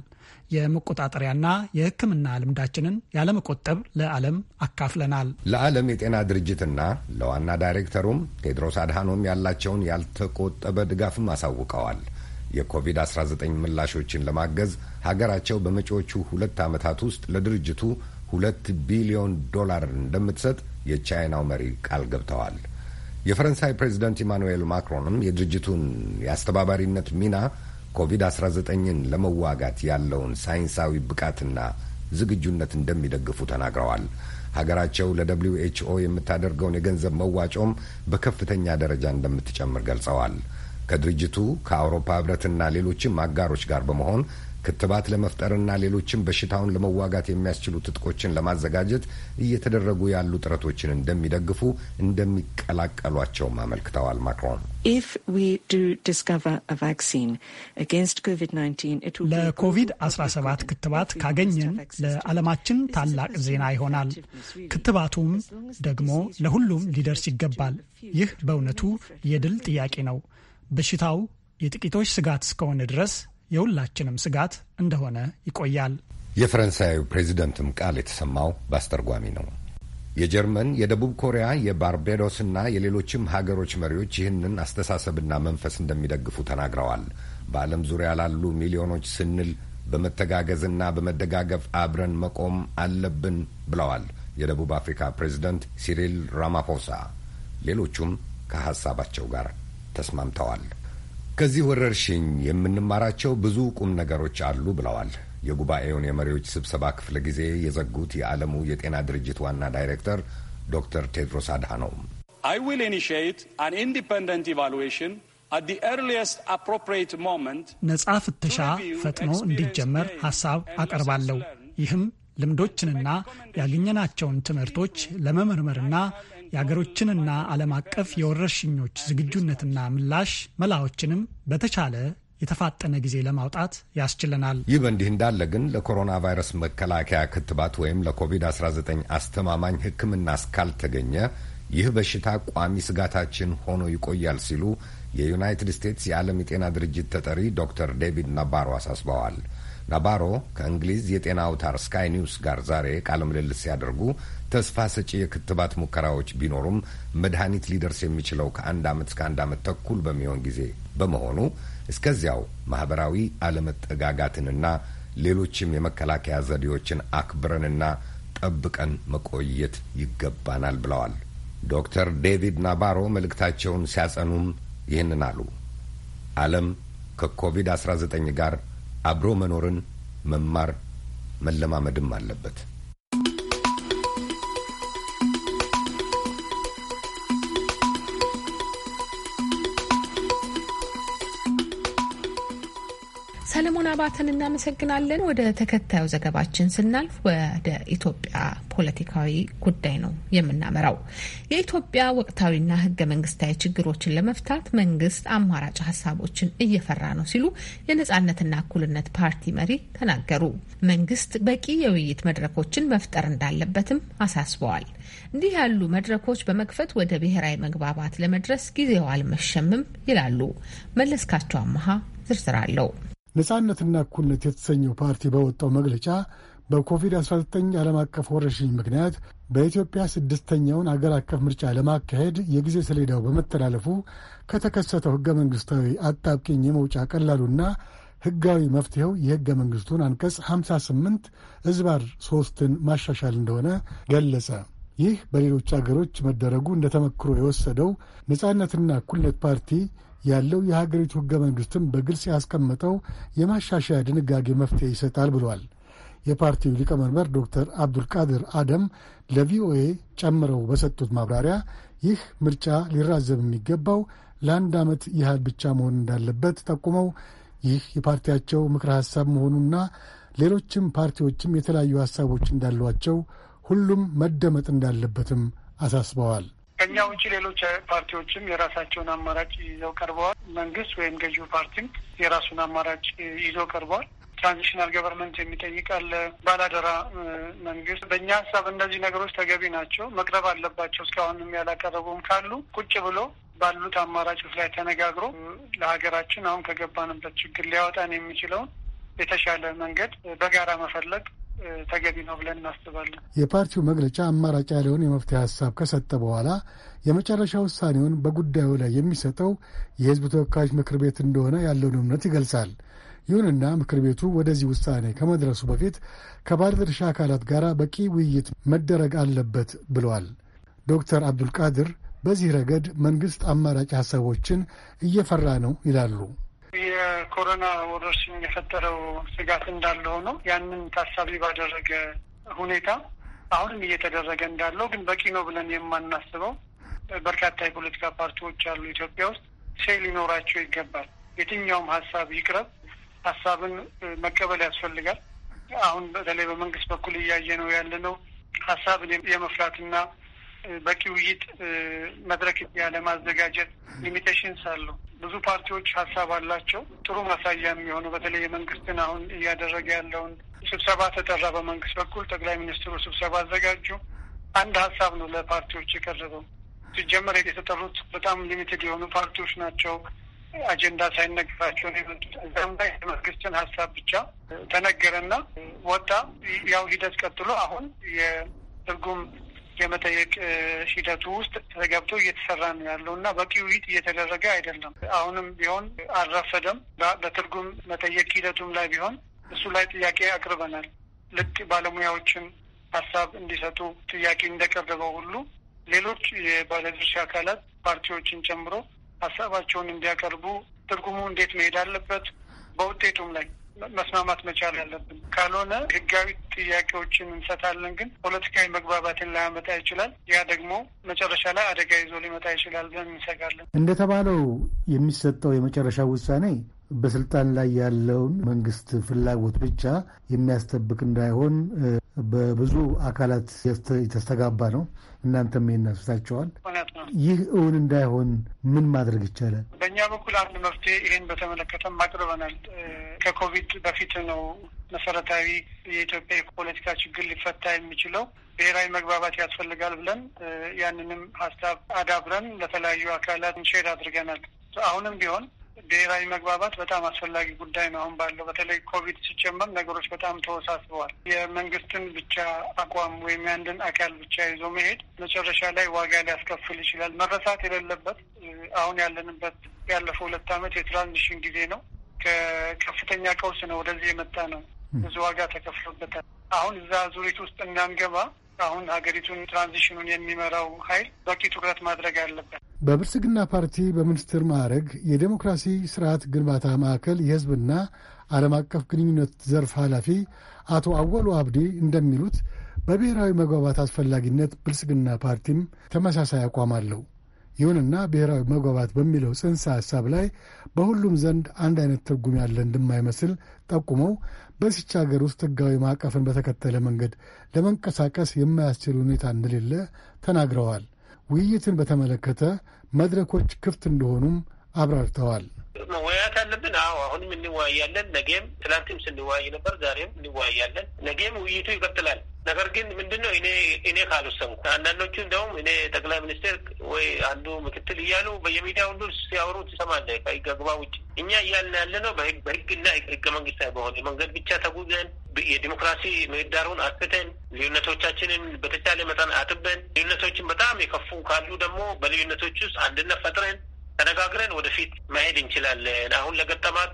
የመቆጣጠሪያና የሕክምና ልምዳችንን ያለመቆጠብ ለዓለም አካፍለናል። ለዓለም የጤና ድርጅትና ለዋና ዳይሬክተሩም ቴድሮስ አድሃኖም ያላቸውን ያልተቆጠበ ድጋፍም አሳውቀዋል። የኮቪድ-19 ምላሾችን ለማገዝ ሀገራቸው በመጪዎቹ ሁለት ዓመታት ውስጥ ለድርጅቱ ሁለት ቢሊዮን ዶላር እንደምትሰጥ የቻይናው መሪ ቃል ገብተዋል። የፈረንሳይ ፕሬዚደንት ኢማኑኤል ማክሮንም የድርጅቱን የአስተባባሪነት ሚና ኮቪድ-19ን ለመዋጋት ያለውን ሳይንሳዊ ብቃትና ዝግጁነት እንደሚደግፉ ተናግረዋል። ሀገራቸው ለደብሊው ኤችኦ የምታደርገውን የገንዘብ መዋጮም በከፍተኛ ደረጃ እንደምትጨምር ገልጸዋል። ከድርጅቱ ከአውሮፓ ህብረትና ሌሎችም አጋሮች ጋር በመሆን ክትባት ለመፍጠርና ሌሎችም በሽታውን ለመዋጋት የሚያስችሉ ትጥቆችን ለማዘጋጀት እየተደረጉ ያሉ ጥረቶችን እንደሚደግፉ እንደሚቀላቀሏቸውም አመልክተዋል። ማክሮን ለኮቪድ-19 ክትባት ካገኘን ለዓለማችን ታላቅ ዜና ይሆናል። ክትባቱም ደግሞ ለሁሉም ሊደርስ ይገባል። ይህ በእውነቱ የድል ጥያቄ ነው። በሽታው የጥቂቶች ስጋት እስከሆነ ድረስ የሁላችንም ስጋት እንደሆነ ይቆያል። የፈረንሳዩ ፕሬዚደንትም ቃል የተሰማው በአስተርጓሚ ነው። የጀርመን የደቡብ ኮሪያ የባርቤዶስና የሌሎችም ሀገሮች መሪዎች ይህንን አስተሳሰብና መንፈስ እንደሚደግፉ ተናግረዋል። በዓለም ዙሪያ ላሉ ሚሊዮኖች ስንል በመተጋገዝና በመደጋገፍ አብረን መቆም አለብን ብለዋል የደቡብ አፍሪካ ፕሬዚደንት ሲሪል ራማፎሳ። ሌሎቹም ከሀሳባቸው ጋር ተስማምተዋል። ከዚህ ወረርሽኝ የምንማራቸው ብዙ ቁም ነገሮች አሉ ብለዋል የጉባኤውን የመሪዎች ስብሰባ ክፍለ ጊዜ የዘጉት የዓለሙ የጤና ድርጅት ዋና ዳይሬክተር ዶክተር ቴድሮስ አድሃኖም I will initiate an independent evaluation ነጻ ፍተሻ ፈጥኖ እንዲጀመር ሐሳብ አቀርባለሁ። ይህም ልምዶችንና ያገኘናቸውን ትምህርቶች ለመመርመርና የአገሮችንና ዓለም አቀፍ የወረርሽኞች ዝግጁነትና ምላሽ መላዎችንም በተቻለ የተፋጠነ ጊዜ ለማውጣት ያስችለናል። ይህ በእንዲህ እንዳለ ግን ለኮሮና ቫይረስ መከላከያ ክትባት ወይም ለኮቪድ-19 አስተማማኝ ሕክምና እስካልተገኘ ይህ በሽታ ቋሚ ስጋታችን ሆኖ ይቆያል ሲሉ የዩናይትድ ስቴትስ የዓለም የጤና ድርጅት ተጠሪ ዶክተር ዴቪድ ናባሮ አሳስበዋል። ናባሮ ከእንግሊዝ የጤና አውታር ስካይ ኒውስ ጋር ዛሬ ቃለ ምልልስ ሲያደርጉ ተስፋ ሰጪ የክትባት ሙከራዎች ቢኖሩም መድኃኒት ሊደርስ የሚችለው ከአንድ ዓመት እስከ አንድ ዓመት ተኩል በሚሆን ጊዜ በመሆኑ እስከዚያው ማኅበራዊ አለመጠጋጋትንና ሌሎችም የመከላከያ ዘዴዎችን አክብረንና ጠብቀን መቆየት ይገባናል ብለዋል። ዶክተር ዴቪድ ናባሮ መልእክታቸውን ሲያጸኑም ይህንን አሉ። ዓለም ከኮቪድ-19 ጋር አብሮ መኖርን መማር መለማመድም አለበት። አባተን እናመሰግናለን። ወደ ተከታዩ ዘገባችን ስናልፍ ወደ ኢትዮጵያ ፖለቲካዊ ጉዳይ ነው የምናመራው። የኢትዮጵያ ወቅታዊና ህገ መንግስታዊ ችግሮችን ለመፍታት መንግስት አማራጭ ሀሳቦችን እየፈራ ነው ሲሉ የነጻነትና እኩልነት ፓርቲ መሪ ተናገሩ። መንግስት በቂ የውይይት መድረኮችን መፍጠር እንዳለበትም አሳስበዋል። እንዲህ ያሉ መድረኮች በመክፈት ወደ ብሔራዊ መግባባት ለመድረስ ጊዜው አልመሸምም ይላሉ። መለስካቸው አመሃ ዝርዝር አለው። ነጻነትና እኩልነት የተሰኘው ፓርቲ በወጣው መግለጫ በኮቪድ-19 ዓለም አቀፍ ወረርሽኝ ምክንያት በኢትዮጵያ ስድስተኛውን አገር አቀፍ ምርጫ ለማካሄድ የጊዜ ሰሌዳው በመተላለፉ ከተከሰተው ሕገ መንግሥታዊ አጣብቂኝ የመውጫ ቀላሉና ሕጋዊ መፍትሔው የሕገ መንግሥቱን አንቀጽ 58 እዝባር ሦስትን ማሻሻል እንደሆነ ገለጸ። ይህ በሌሎች አገሮች መደረጉ እንደ ተመክሮ የወሰደው ነጻነትና እኩልነት ፓርቲ ያለው የሀገሪቱ ህገ መንግስትም በግልጽ ያስቀመጠው የማሻሻያ ድንጋጌ መፍትሄ ይሰጣል ብሏል። የፓርቲው ሊቀመንበር ዶክተር አብዱልቃድር አደም ለቪኦኤ ጨምረው በሰጡት ማብራሪያ ይህ ምርጫ ሊራዘም የሚገባው ለአንድ ዓመት ያህል ብቻ መሆን እንዳለበት ጠቁመው ይህ የፓርቲያቸው ምክረ ሐሳብ መሆኑና ሌሎችም ፓርቲዎችም የተለያዩ ሐሳቦች እንዳሏቸው ሁሉም መደመጥ እንዳለበትም አሳስበዋል። ከኛ ውጭ ሌሎች ፓርቲዎችም የራሳቸውን አማራጭ ይዘው ቀርበዋል። መንግስት ወይም ገዢው ፓርቲም የራሱን አማራጭ ይዘው ቀርበዋል። ትራንዚሽናል ገቨርንመንት የሚጠይቃል ባላደራ መንግስት። በእኛ ሀሳብ እነዚህ ነገሮች ተገቢ ናቸው፣ መቅረብ አለባቸው። እስካሁንም ያላቀረቡም ካሉ ቁጭ ብሎ ባሉት አማራጮች ላይ ተነጋግሮ ለሀገራችን አሁን ከገባንበት ችግር ሊያወጣን የሚችለውን የተሻለ መንገድ በጋራ መፈለግ ተገቢ ነው ብለን እናስባለን። የፓርቲው መግለጫ አማራጭ ያለውን የመፍትሄ ሀሳብ ከሰጠ በኋላ የመጨረሻ ውሳኔውን በጉዳዩ ላይ የሚሰጠው የህዝብ ተወካዮች ምክር ቤት እንደሆነ ያለውን እምነት ይገልጻል። ይሁንና ምክር ቤቱ ወደዚህ ውሳኔ ከመድረሱ በፊት ከባለድርሻ አካላት ጋር በቂ ውይይት መደረግ አለበት ብለዋል። ዶክተር አብዱልቃድር በዚህ ረገድ መንግሥት አማራጭ ሀሳቦችን እየፈራ ነው ይላሉ። የኮሮና ወረርሽኝ የፈጠረው ስጋት እንዳለ ሆኖ ያንን ታሳቢ ባደረገ ሁኔታ አሁንም እየተደረገ እንዳለው ግን በቂ ነው ብለን የማናስበው በርካታ የፖለቲካ ፓርቲዎች አሉ ኢትዮጵያ ውስጥ። ሴ ሊኖራቸው ይገባል። የትኛውም ሀሳብ ይቅረብ፣ ሀሳብን መቀበል ያስፈልጋል። አሁን በተለይ በመንግስት በኩል እያየ ነው ያለ ነው ሀሳብን የመፍራትና በቂ ውይይት መድረክ ያለማዘጋጀት ሊሚቴሽንስ አለው። ብዙ ፓርቲዎች ሀሳብ አላቸው። ጥሩ ማሳያ የሚሆኑ በተለይ የመንግስትን አሁን እያደረገ ያለውን ስብሰባ ተጠራ። በመንግስት በኩል ጠቅላይ ሚኒስትሩ ስብሰባ አዘጋጁ። አንድ ሀሳብ ነው ለፓርቲዎች የቀረበው። ሲጀመር የተጠሩት በጣም ሊሚትድ የሆኑ ፓርቲዎች ናቸው። አጀንዳ ሳይነገራቸው ነው የመጡት። እዛም ላይ የመንግስትን ሀሳብ ብቻ ተነገረና ወጣ። ያው ሂደት ቀጥሎ አሁን የትርጉም የመጠየቅ ሂደቱ ውስጥ ተገብቶ እየተሰራ ነው ያለው እና በቂ ውይይት እየተደረገ አይደለም። አሁንም ቢሆን አልረፈደም። በትርጉም መጠየቅ ሂደቱም ላይ ቢሆን እሱ ላይ ጥያቄ አቅርበናል። ልክ ባለሙያዎችም ሀሳብ እንዲሰጡ ጥያቄ እንደቀረበው ሁሉ ሌሎች የባለድርሻ አካላት ፓርቲዎችን ጨምሮ ሀሳባቸውን እንዲያቀርቡ ትርጉሙ እንዴት መሄድ አለበት በውጤቱም ላይ መስማማት መቻል አለብን። ካልሆነ ህጋዊ ጥያቄዎችን እንሰታለን ግን ፖለቲካዊ መግባባትን ላያመጣ ይችላል። ያ ደግሞ መጨረሻ ላይ አደጋ ይዞ ሊመጣ ይችላል ብለን እንሰጋለን። እንደተባለው የሚሰጠው የመጨረሻ ውሳኔ በስልጣን ላይ ያለውን መንግስት ፍላጎት ብቻ የሚያስጠብቅ እንዳይሆን በብዙ አካላት የተስተጋባ ነው። እናንተም ይናስታቸዋል። ይህ እውን እንዳይሆን ምን ማድረግ ይቻላል? በእኛ በኩል አንድ መፍትሄ ይህን በተመለከተም አቅርበናል። ከኮቪድ በፊት ነው መሰረታዊ የኢትዮጵያ የፖለቲካ ችግር ሊፈታ የሚችለው ብሔራዊ መግባባት ያስፈልጋል ብለን ያንንም ሀሳብ አዳብረን ለተለያዩ አካላት ሼር አድርገናል። አሁንም ቢሆን ብሔራዊ መግባባት በጣም አስፈላጊ ጉዳይ ነው። አሁን ባለው በተለይ ኮቪድ ሲጨመር ነገሮች በጣም ተወሳስበዋል። የመንግስትን ብቻ አቋም ወይም የአንድን አካል ብቻ ይዞ መሄድ መጨረሻ ላይ ዋጋ ሊያስከፍል ይችላል። መረሳት የሌለበት አሁን ያለንበት ያለፈው ሁለት ዓመት የትራንዚሽን ጊዜ ነው። ከከፍተኛ ቀውስ ነው ወደዚህ የመጣ ነው። ብዙ ዋጋ ተከፍሎበታል። አሁን እዛ ዙሪት ውስጥ እንዳንገባ አሁን ሀገሪቱን ትራንዚሽኑን የሚመራው ኃይል በቂ ትኩረት ማድረግ አለበት። በብልጽግና ፓርቲ በሚኒስትር ማዕረግ የዴሞክራሲ ስርዓት ግንባታ ማዕከል የህዝብና ዓለም አቀፍ ግንኙነት ዘርፍ ኃላፊ አቶ አወሉ አብዲ እንደሚሉት በብሔራዊ መግባባት አስፈላጊነት ብልጽግና ፓርቲም ተመሳሳይ አቋም አለው። ይሁንና ብሔራዊ መግባባት በሚለው ጽንሰ ሐሳብ ላይ በሁሉም ዘንድ አንድ አይነት ትርጉም ያለ እንደማይመስል ጠቁመው በዚች ሀገር ውስጥ ህጋዊ ማዕቀፍን በተከተለ መንገድ ለመንቀሳቀስ የማያስችል ሁኔታ እንደሌለ ተናግረዋል። ውይይትን በተመለከተ መድረኮች ክፍት እንደሆኑም አብራርተዋል። መወያየት አለብን። አዎ አሁንም እንወያያለን። ነገም ትላንትም ስንወያይ ነበር። ዛሬም እንወያያለን። ነገም ውይይቱ ይቀጥላል። ነገር ግን ምንድን ነው እኔ እኔ ካልወሰንኩ አንዳንዶቹ እንደውም እኔ ጠቅላይ ሚኒስቴር ወይ አንዱ ምክትል እያሉ በየሚዲያ ሁሉ ሲያወሩ ትሰማለህ ከህግ አግባ ውጭ። እኛ እያልን ያለ ነው በህግ በህግና ህገ መንግስታዊ በሆነ መንገድ ብቻ ተጉዘን የዲሞክራሲ ምህዳሩን አስፍተን ልዩነቶቻችንን በተቻለ መጠን አጥበን ልዩነቶችን በጣም የከፉ ካሉ ደግሞ በልዩነቶች ውስጥ አንድነት ፈጥረን ተነጋግረን ወደፊት መሄድ እንችላለን። አሁን ለገጠማት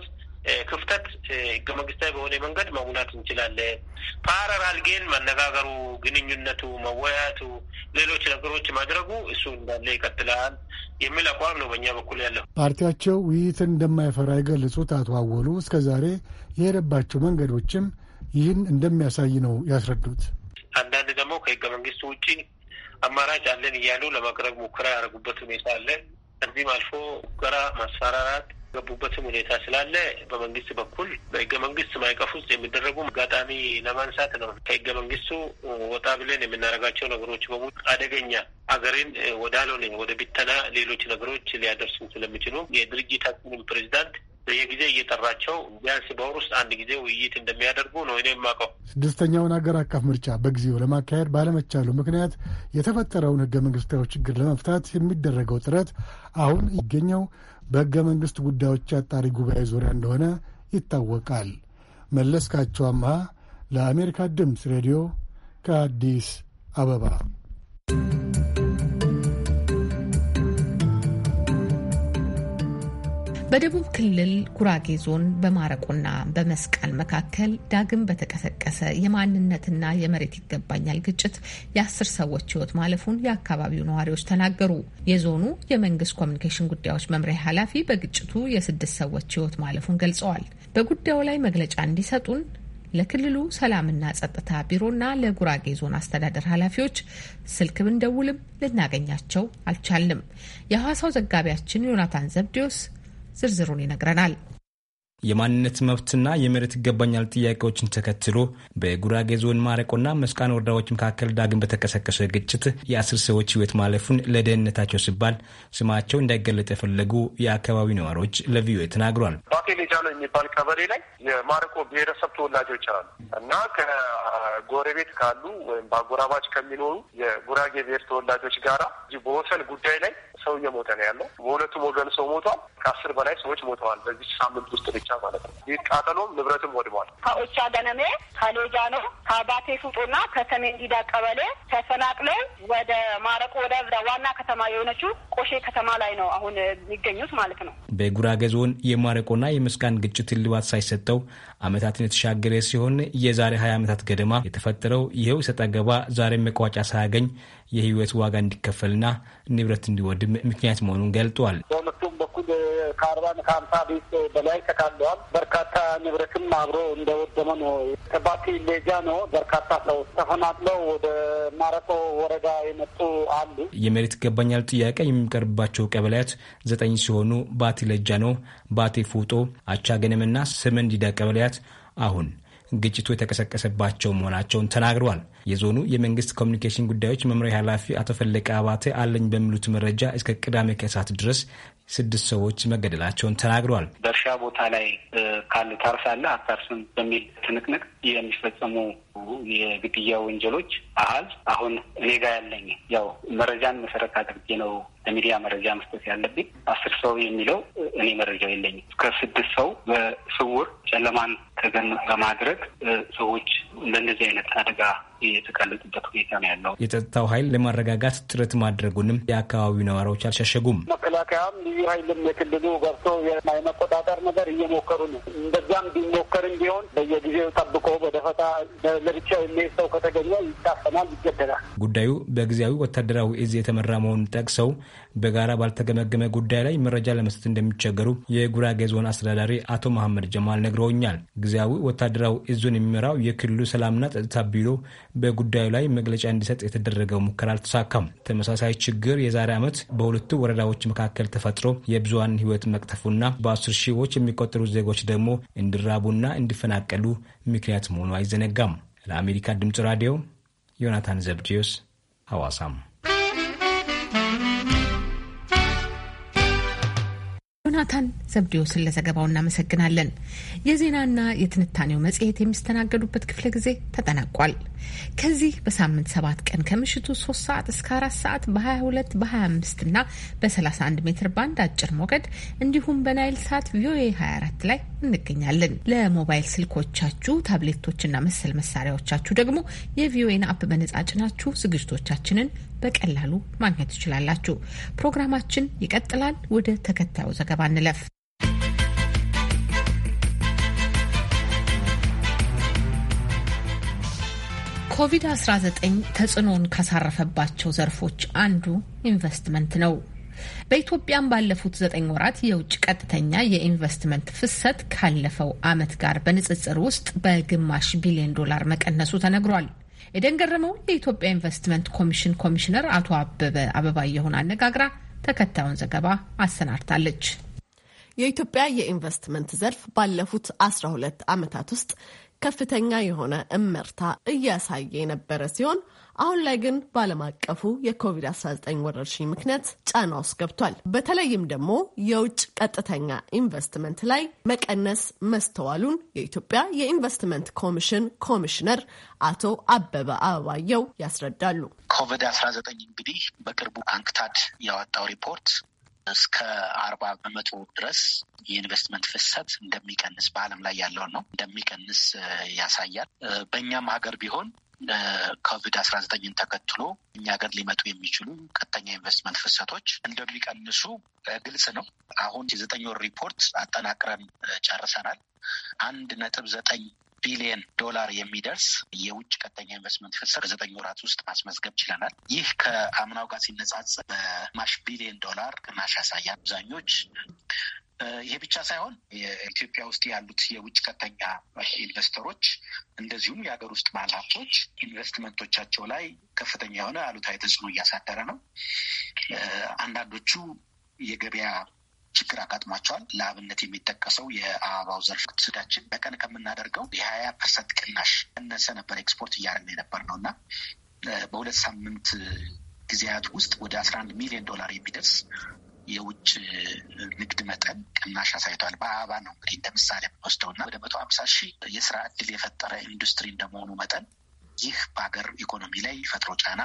ክፍተት ህገ መንግስታዊ በሆነ መንገድ መሙላት እንችላለን። ፓራራል ግን መነጋገሩ፣ ግንኙነቱ፣ መወያያቱ ሌሎች ነገሮች ማድረጉ እሱ እንዳለ ይቀጥላል የሚል አቋም ነው በእኛ በኩል ያለው። ፓርቲያቸው ውይይትን እንደማይፈራ የገለጹት አቶ አወሉ እስከ ዛሬ የሄደባቸው መንገዶችም ይህን እንደሚያሳይ ነው ያስረዱት። አንዳንድ ደግሞ ከህገ መንግስቱ ውጪ አማራጭ አለን እያሉ ለማቅረብ ሙከራ ያደረጉበት ሁኔታ አለ። ከዚህም አልፎ ሙከራ ማስፈራራት ገቡበትም ሁኔታ ስላለ በመንግስት በኩል በህገ መንግስት ማዕቀፍ ውስጥ የሚደረጉ አጋጣሚ ለማንሳት ነው። ከህገ መንግስቱ ወጣ ብለን የምናደርጋቸው ነገሮች በሙሉ አደገኛ አገሬን ወዳልሆነ ወደ ቢተና ሌሎች ነገሮች ሊያደርሱ ስለሚችሉ የድርጅታችንም ፕሬዚዳንት በየጊዜ እየጠራቸው ቢያንስ በወር ውስጥ አንድ ጊዜ ውይይት እንደሚያደርጉ ነው እኔ የማውቀው። ስድስተኛውን አገር አቀፍ ምርጫ በጊዜው ለማካሄድ ባለመቻሉ ምክንያት የተፈጠረውን ህገ መንግስታዊ ችግር ለመፍታት የሚደረገው ጥረት አሁን ይገኘው በሕገ መንግሥት ጉዳዮች አጣሪ ጉባኤ ዙሪያ እንደሆነ ይታወቃል። መለስካቸው አምሃ ለአሜሪካ ድምፅ ሬዲዮ ከአዲስ አበባ በደቡብ ክልል ጉራጌ ዞን በማረቆና በመስቃን መካከል ዳግም በተቀሰቀሰ የማንነትና የመሬት ይገባኛል ግጭት የአስር ሰዎች ሕይወት ማለፉን የአካባቢው ነዋሪዎች ተናገሩ። የዞኑ የመንግስት ኮሚኒኬሽን ጉዳዮች መምሪያ ኃላፊ በግጭቱ የስድስት ሰዎች ሕይወት ማለፉን ገልጸዋል። በጉዳዩ ላይ መግለጫ እንዲሰጡን ለክልሉ ሰላምና ጸጥታ ቢሮና ለጉራጌ ዞን አስተዳደር ኃላፊዎች ስልክ ብንደውልም ልናገኛቸው አልቻልም። የሐዋሳው ዘጋቢያችን ዮናታን ዘብዲዮስ ዝርዝሩን ይነግረናል። የማንነት መብትና የመሬት ይገባኛል ጥያቄዎችን ተከትሎ በጉራጌ ዞን ማረቆና መስቃን ወረዳዎች መካከል ዳግም በተቀሰቀሰ ግጭት የአስር ሰዎች ሕይወት ማለፉን ለደህንነታቸው ሲባል ስማቸው እንዳይገለጥ የፈለጉ የአካባቢው ነዋሪዎች ለቪኦኤ ተናግሯል። ባቴሌ የሚባል ቀበሌ ላይ የማረቆ ብሔረሰብ ተወላጆች አሉ እና ከጎረቤት ካሉ ወይም በአጎራባች ከሚኖሩ የጉራጌ ብሔር ተወላጆች ጋራ በወሰን ጉዳይ ላይ ሰው እየሞተ ነው ያለው። በሁለቱም ወገን ሰው ሞቷል። ከአስር በላይ ሰዎች ሞተዋል በዚህ ሳምንት ውስጥ ብቻ ማለት ነው። ይህ ቃጠሎም ንብረትም ወድሟል። ከኦቻ ገነሜ፣ ከሌጃ ነው ከአባቴ ሱጡና ከሰሜን ዲዳ ቀበሌ ተፈናቅለው ወደ ማረቆ ወደ ዋና ከተማ የሆነችው ቆሼ ከተማ ላይ ነው አሁን የሚገኙት ማለት ነው። በጉራጌ ዞን የማረቆና የመስቃን ግጭት እልባት ሳይሰጠው ዓመታትን የተሻገረ ሲሆን የዛሬ 20 ዓመታት ገደማ የተፈጠረው ይኸው እሰጥ አገባ ዛሬ መቋጫ ሳያገኝ የህይወት ዋጋ እንዲከፈልና ንብረት እንዲወድም ምክንያት መሆኑን ገልጧል። በሁለቱም በኩል ከአርባን ከአምሳ ቤት በላይ ተካለዋል። በርካታ ንብረትም አብሮ እንደወደመ ነው። ከባቲ ሌጃ ነው። በርካታ ሰው ተፈናቅለው ወደ ማረቆ ወረዳ የመጡ አሉ። የመሬት ይገባኛል ጥያቄ የሚቀርብባቸው ቀበሌያት ዘጠኝ ሲሆኑ ባቲ ሌጃ ነው፣ ባቲ ፉጦ፣ አቻገነምና ስምንዲዳ ቀበሌያት ምክንያት አሁን ግጭቱ የተቀሰቀሰባቸው መሆናቸውን ተናግረዋል። የዞኑ የመንግስት ኮሚኒኬሽን ጉዳዮች መምሪያ ኃላፊ አቶ ፈለቀ አባተ አለኝ በሚሉት መረጃ እስከ ቅዳሜ ከእሳት ድረስ ስድስት ሰዎች መገደላቸውን ተናግረዋል። በእርሻ ቦታ ላይ ካለ ታርሳለህ አታርስም በሚል ትንቅንቅ የሚፈጸሙ የግድያ ወንጀሎች አህል አሁን እኔ ጋ ያለኝ ያው መረጃን መሰረት አድርጌ ነው ለሚዲያ መረጃ መስጠት ያለብኝ። አስር ሰው የሚለው እኔ መረጃው የለኝም። እስከ ስድስት ሰው በስውር ጨለማን ተገን በማድረግ ሰዎች እንደነዚህ አይነት አደጋ የተጋለጡበት ሁኔታ ነው ያለው። የጸጥታው ኃይል ለማረጋጋት ጥረት ማድረጉንም የአካባቢው ነዋሪዎች አልሸሸጉም። መከላከያም ልዩ ኃይልም የክልሉ ገብቶ የመቆጣጠር ነገር እየሞከሩ ነው። እንደዛም ቢሞከርም ቢሆን በየጊዜው ጠብቆ በደፈጣ ለብቻ የሚሄድ ሰው ከተገኘ ይታፈናል፣ ይገደላል። ጉዳዩ በጊዜያዊ ወታደራዊ እዝ የተመራ መሆኑን ጠቅሰው በጋራ ባልተገመገመ ጉዳይ ላይ መረጃ ለመስጠት እንደሚቸገሩ የጉራጌ ዞን አስተዳዳሪ አቶ መሐመድ ጀማል ነግረውኛል። ጊዜያዊ ወታደራዊ እዙን የሚመራው የክልሉ ሰላምና ጸጥታ ቢሮ በጉዳዩ ላይ መግለጫ እንዲሰጥ የተደረገው ሙከራ አልተሳካም። ተመሳሳይ ችግር የዛሬ ዓመት በሁለቱ ወረዳዎች መካከል ተፈጥሮ የብዙሃን ህይወት መቅተፉና በአስር ሺዎች የሚቆጠሩ ዜጎች ደግሞ እንዲራቡና እንዲፈናቀሉ ምክንያት መሆኑ አይዘነጋም። ለአሜሪካ ድምፅ ራዲዮ ዮናታን ዘብድዮስ ሐዋሳም ዮናታን ዘብዴዎስን ለዘገባው እናመሰግናለን። የዜናና የትንታኔው መጽሔት የሚስተናገዱበት ክፍለ ጊዜ ተጠናቋል። ከዚህ በሳምንት ሰባት ቀን ከምሽቱ ሶስት ሰዓት እስከ አራት ሰዓት በ22 በ25 እና በ31 ሜትር ባንድ አጭር ሞገድ እንዲሁም በናይል ሳት ቪኦኤ 24 ላይ እንገኛለን። ለሞባይል ስልኮቻችሁ ታብሌቶችና መሰል መሳሪያዎቻችሁ ደግሞ የቪኦኤን አፕ በነጻ ጭናችሁ ዝግጅቶቻችንን በቀላሉ ማግኘት ትችላላችሁ። ፕሮግራማችን ይቀጥላል። ወደ ተከታዩ ዘገባ ዘገባ እንለፍ። ኮቪድ-19 ተጽዕኖን ካሳረፈባቸው ዘርፎች አንዱ ኢንቨስትመንት ነው። በኢትዮጵያም ባለፉት ዘጠኝ ወራት የውጭ ቀጥተኛ የኢንቨስትመንት ፍሰት ካለፈው ዓመት ጋር በንጽጽር ውስጥ በግማሽ ቢሊዮን ዶላር መቀነሱ ተነግሯል። ኤደን ገረመው የኢትዮጵያ ኢንቨስትመንት ኮሚሽን ኮሚሽነር አቶ አበበ አበባየሁን አነጋግራ ተከታዩን ዘገባ አሰናድታለች። የኢትዮጵያ የኢንቨስትመንት ዘርፍ ባለፉት አስራ ሁለት ዓመታት ውስጥ ከፍተኛ የሆነ እመርታ እያሳየ የነበረ ሲሆን አሁን ላይ ግን በዓለም አቀፉ የኮቪድ-19 ወረርሽኝ ምክንያት ጫና ውስጥ ገብቷል። በተለይም ደግሞ የውጭ ቀጥተኛ ኢንቨስትመንት ላይ መቀነስ መስተዋሉን የኢትዮጵያ የኢንቨስትመንት ኮሚሽን ኮሚሽነር አቶ አበበ አበባየው ያስረዳሉ። ኮቪድ-19 እንግዲህ በቅርቡ አንክታድ ያወጣው ሪፖርት እስከ አርባ በመቶ ድረስ የኢንቨስትመንት ፍሰት እንደሚቀንስ በዓለም ላይ ያለውን ነው እንደሚቀንስ ያሳያል። በእኛም ሀገር ቢሆን ኮቪድ አስራ ዘጠኝን ተከትሎ እኛ ሀገር ሊመጡ የሚችሉ ቀጥተኛ ኢንቨስትመንት ፍሰቶች እንደሚቀንሱ ግልጽ ነው። አሁን የዘጠኝ ወር ሪፖርት አጠናቅረን ጨርሰናል። አንድ ነጥብ ዘጠኝ ቢሊየን ዶላር የሚደርስ የውጭ ቀጥተኛ ኢንቨስትመንት ፍሰት በዘጠኝ ወራት ውስጥ ማስመዝገብ ችለናል። ይህ ከአምናው ጋር ሲነጻጸር በማሽ ቢሊየን ዶላር ቅናሽ ያሳያል። አብዛኞች ይሄ ብቻ ሳይሆን የኢትዮጵያ ውስጥ ያሉት የውጭ ቀጥተኛ ኢንቨስተሮች እንደዚሁም የሀገር ውስጥ ባለሀብቶች ኢንቨስትመንቶቻቸው ላይ ከፍተኛ የሆነ አሉታዊ ተጽዕኖ እያሳደረ ነው። አንዳንዶቹ የገበያ ችግር አጋጥሟቸዋል። ለአብነት የሚጠቀሰው የአበባው ዘርፍ ስዳችን በቀን ከምናደርገው የሀያ ፐርሰንት ቅናሽ እነሰ ነበር ኤክስፖርት እያደረግን የነበር ነው እና በሁለት ሳምንት ጊዜያት ውስጥ ወደ አስራ አንድ ሚሊዮን ዶላር የሚደርስ የውጭ ንግድ መጠን ቅናሽ አሳይቷል። በአበባ ነው እንግዲህ እንደ ምሳሌ ወደ መቶ ሀምሳ ሺህ የስራ እድል የፈጠረ ኢንዱስትሪ እንደመሆኑ መጠን ይህ በሀገር ኢኮኖሚ ላይ ፈጥሮ ጫና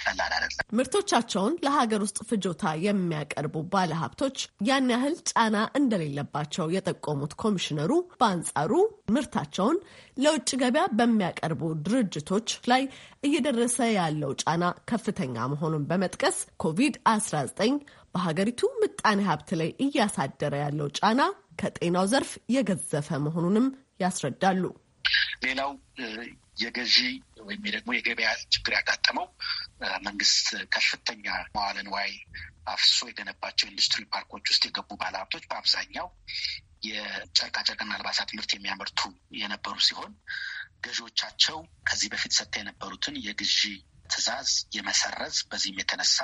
ቀላል አይደለም። ምርቶቻቸውን ለሀገር ውስጥ ፍጆታ የሚያቀርቡ ባለሀብቶች ያን ያህል ጫና እንደሌለባቸው የጠቆሙት ኮሚሽነሩ በአንጻሩ ምርታቸውን ለውጭ ገበያ በሚያቀርቡ ድርጅቶች ላይ እየደረሰ ያለው ጫና ከፍተኛ መሆኑን በመጥቀስ ኮቪድ-19 በሀገሪቱ ምጣኔ ሀብት ላይ እያሳደረ ያለው ጫና ከጤናው ዘርፍ የገዘፈ መሆኑንም ያስረዳሉ። ሌላው የገዢ ወይም ደግሞ የገበያ ችግር ያጋጠመው መንግስት ከፍተኛ መዋለ ንዋይ አፍሶ የገነባቸው ኢንዱስትሪ ፓርኮች ውስጥ የገቡ ባለሀብቶች በአብዛኛው የጨርቃጨርቅና አልባሳት ምርት የሚያመርቱ የነበሩ ሲሆን ገዢዎቻቸው ከዚህ በፊት ሰጥተ የነበሩትን የግዢ ትዕዛዝ የመሰረዝ በዚህም የተነሳ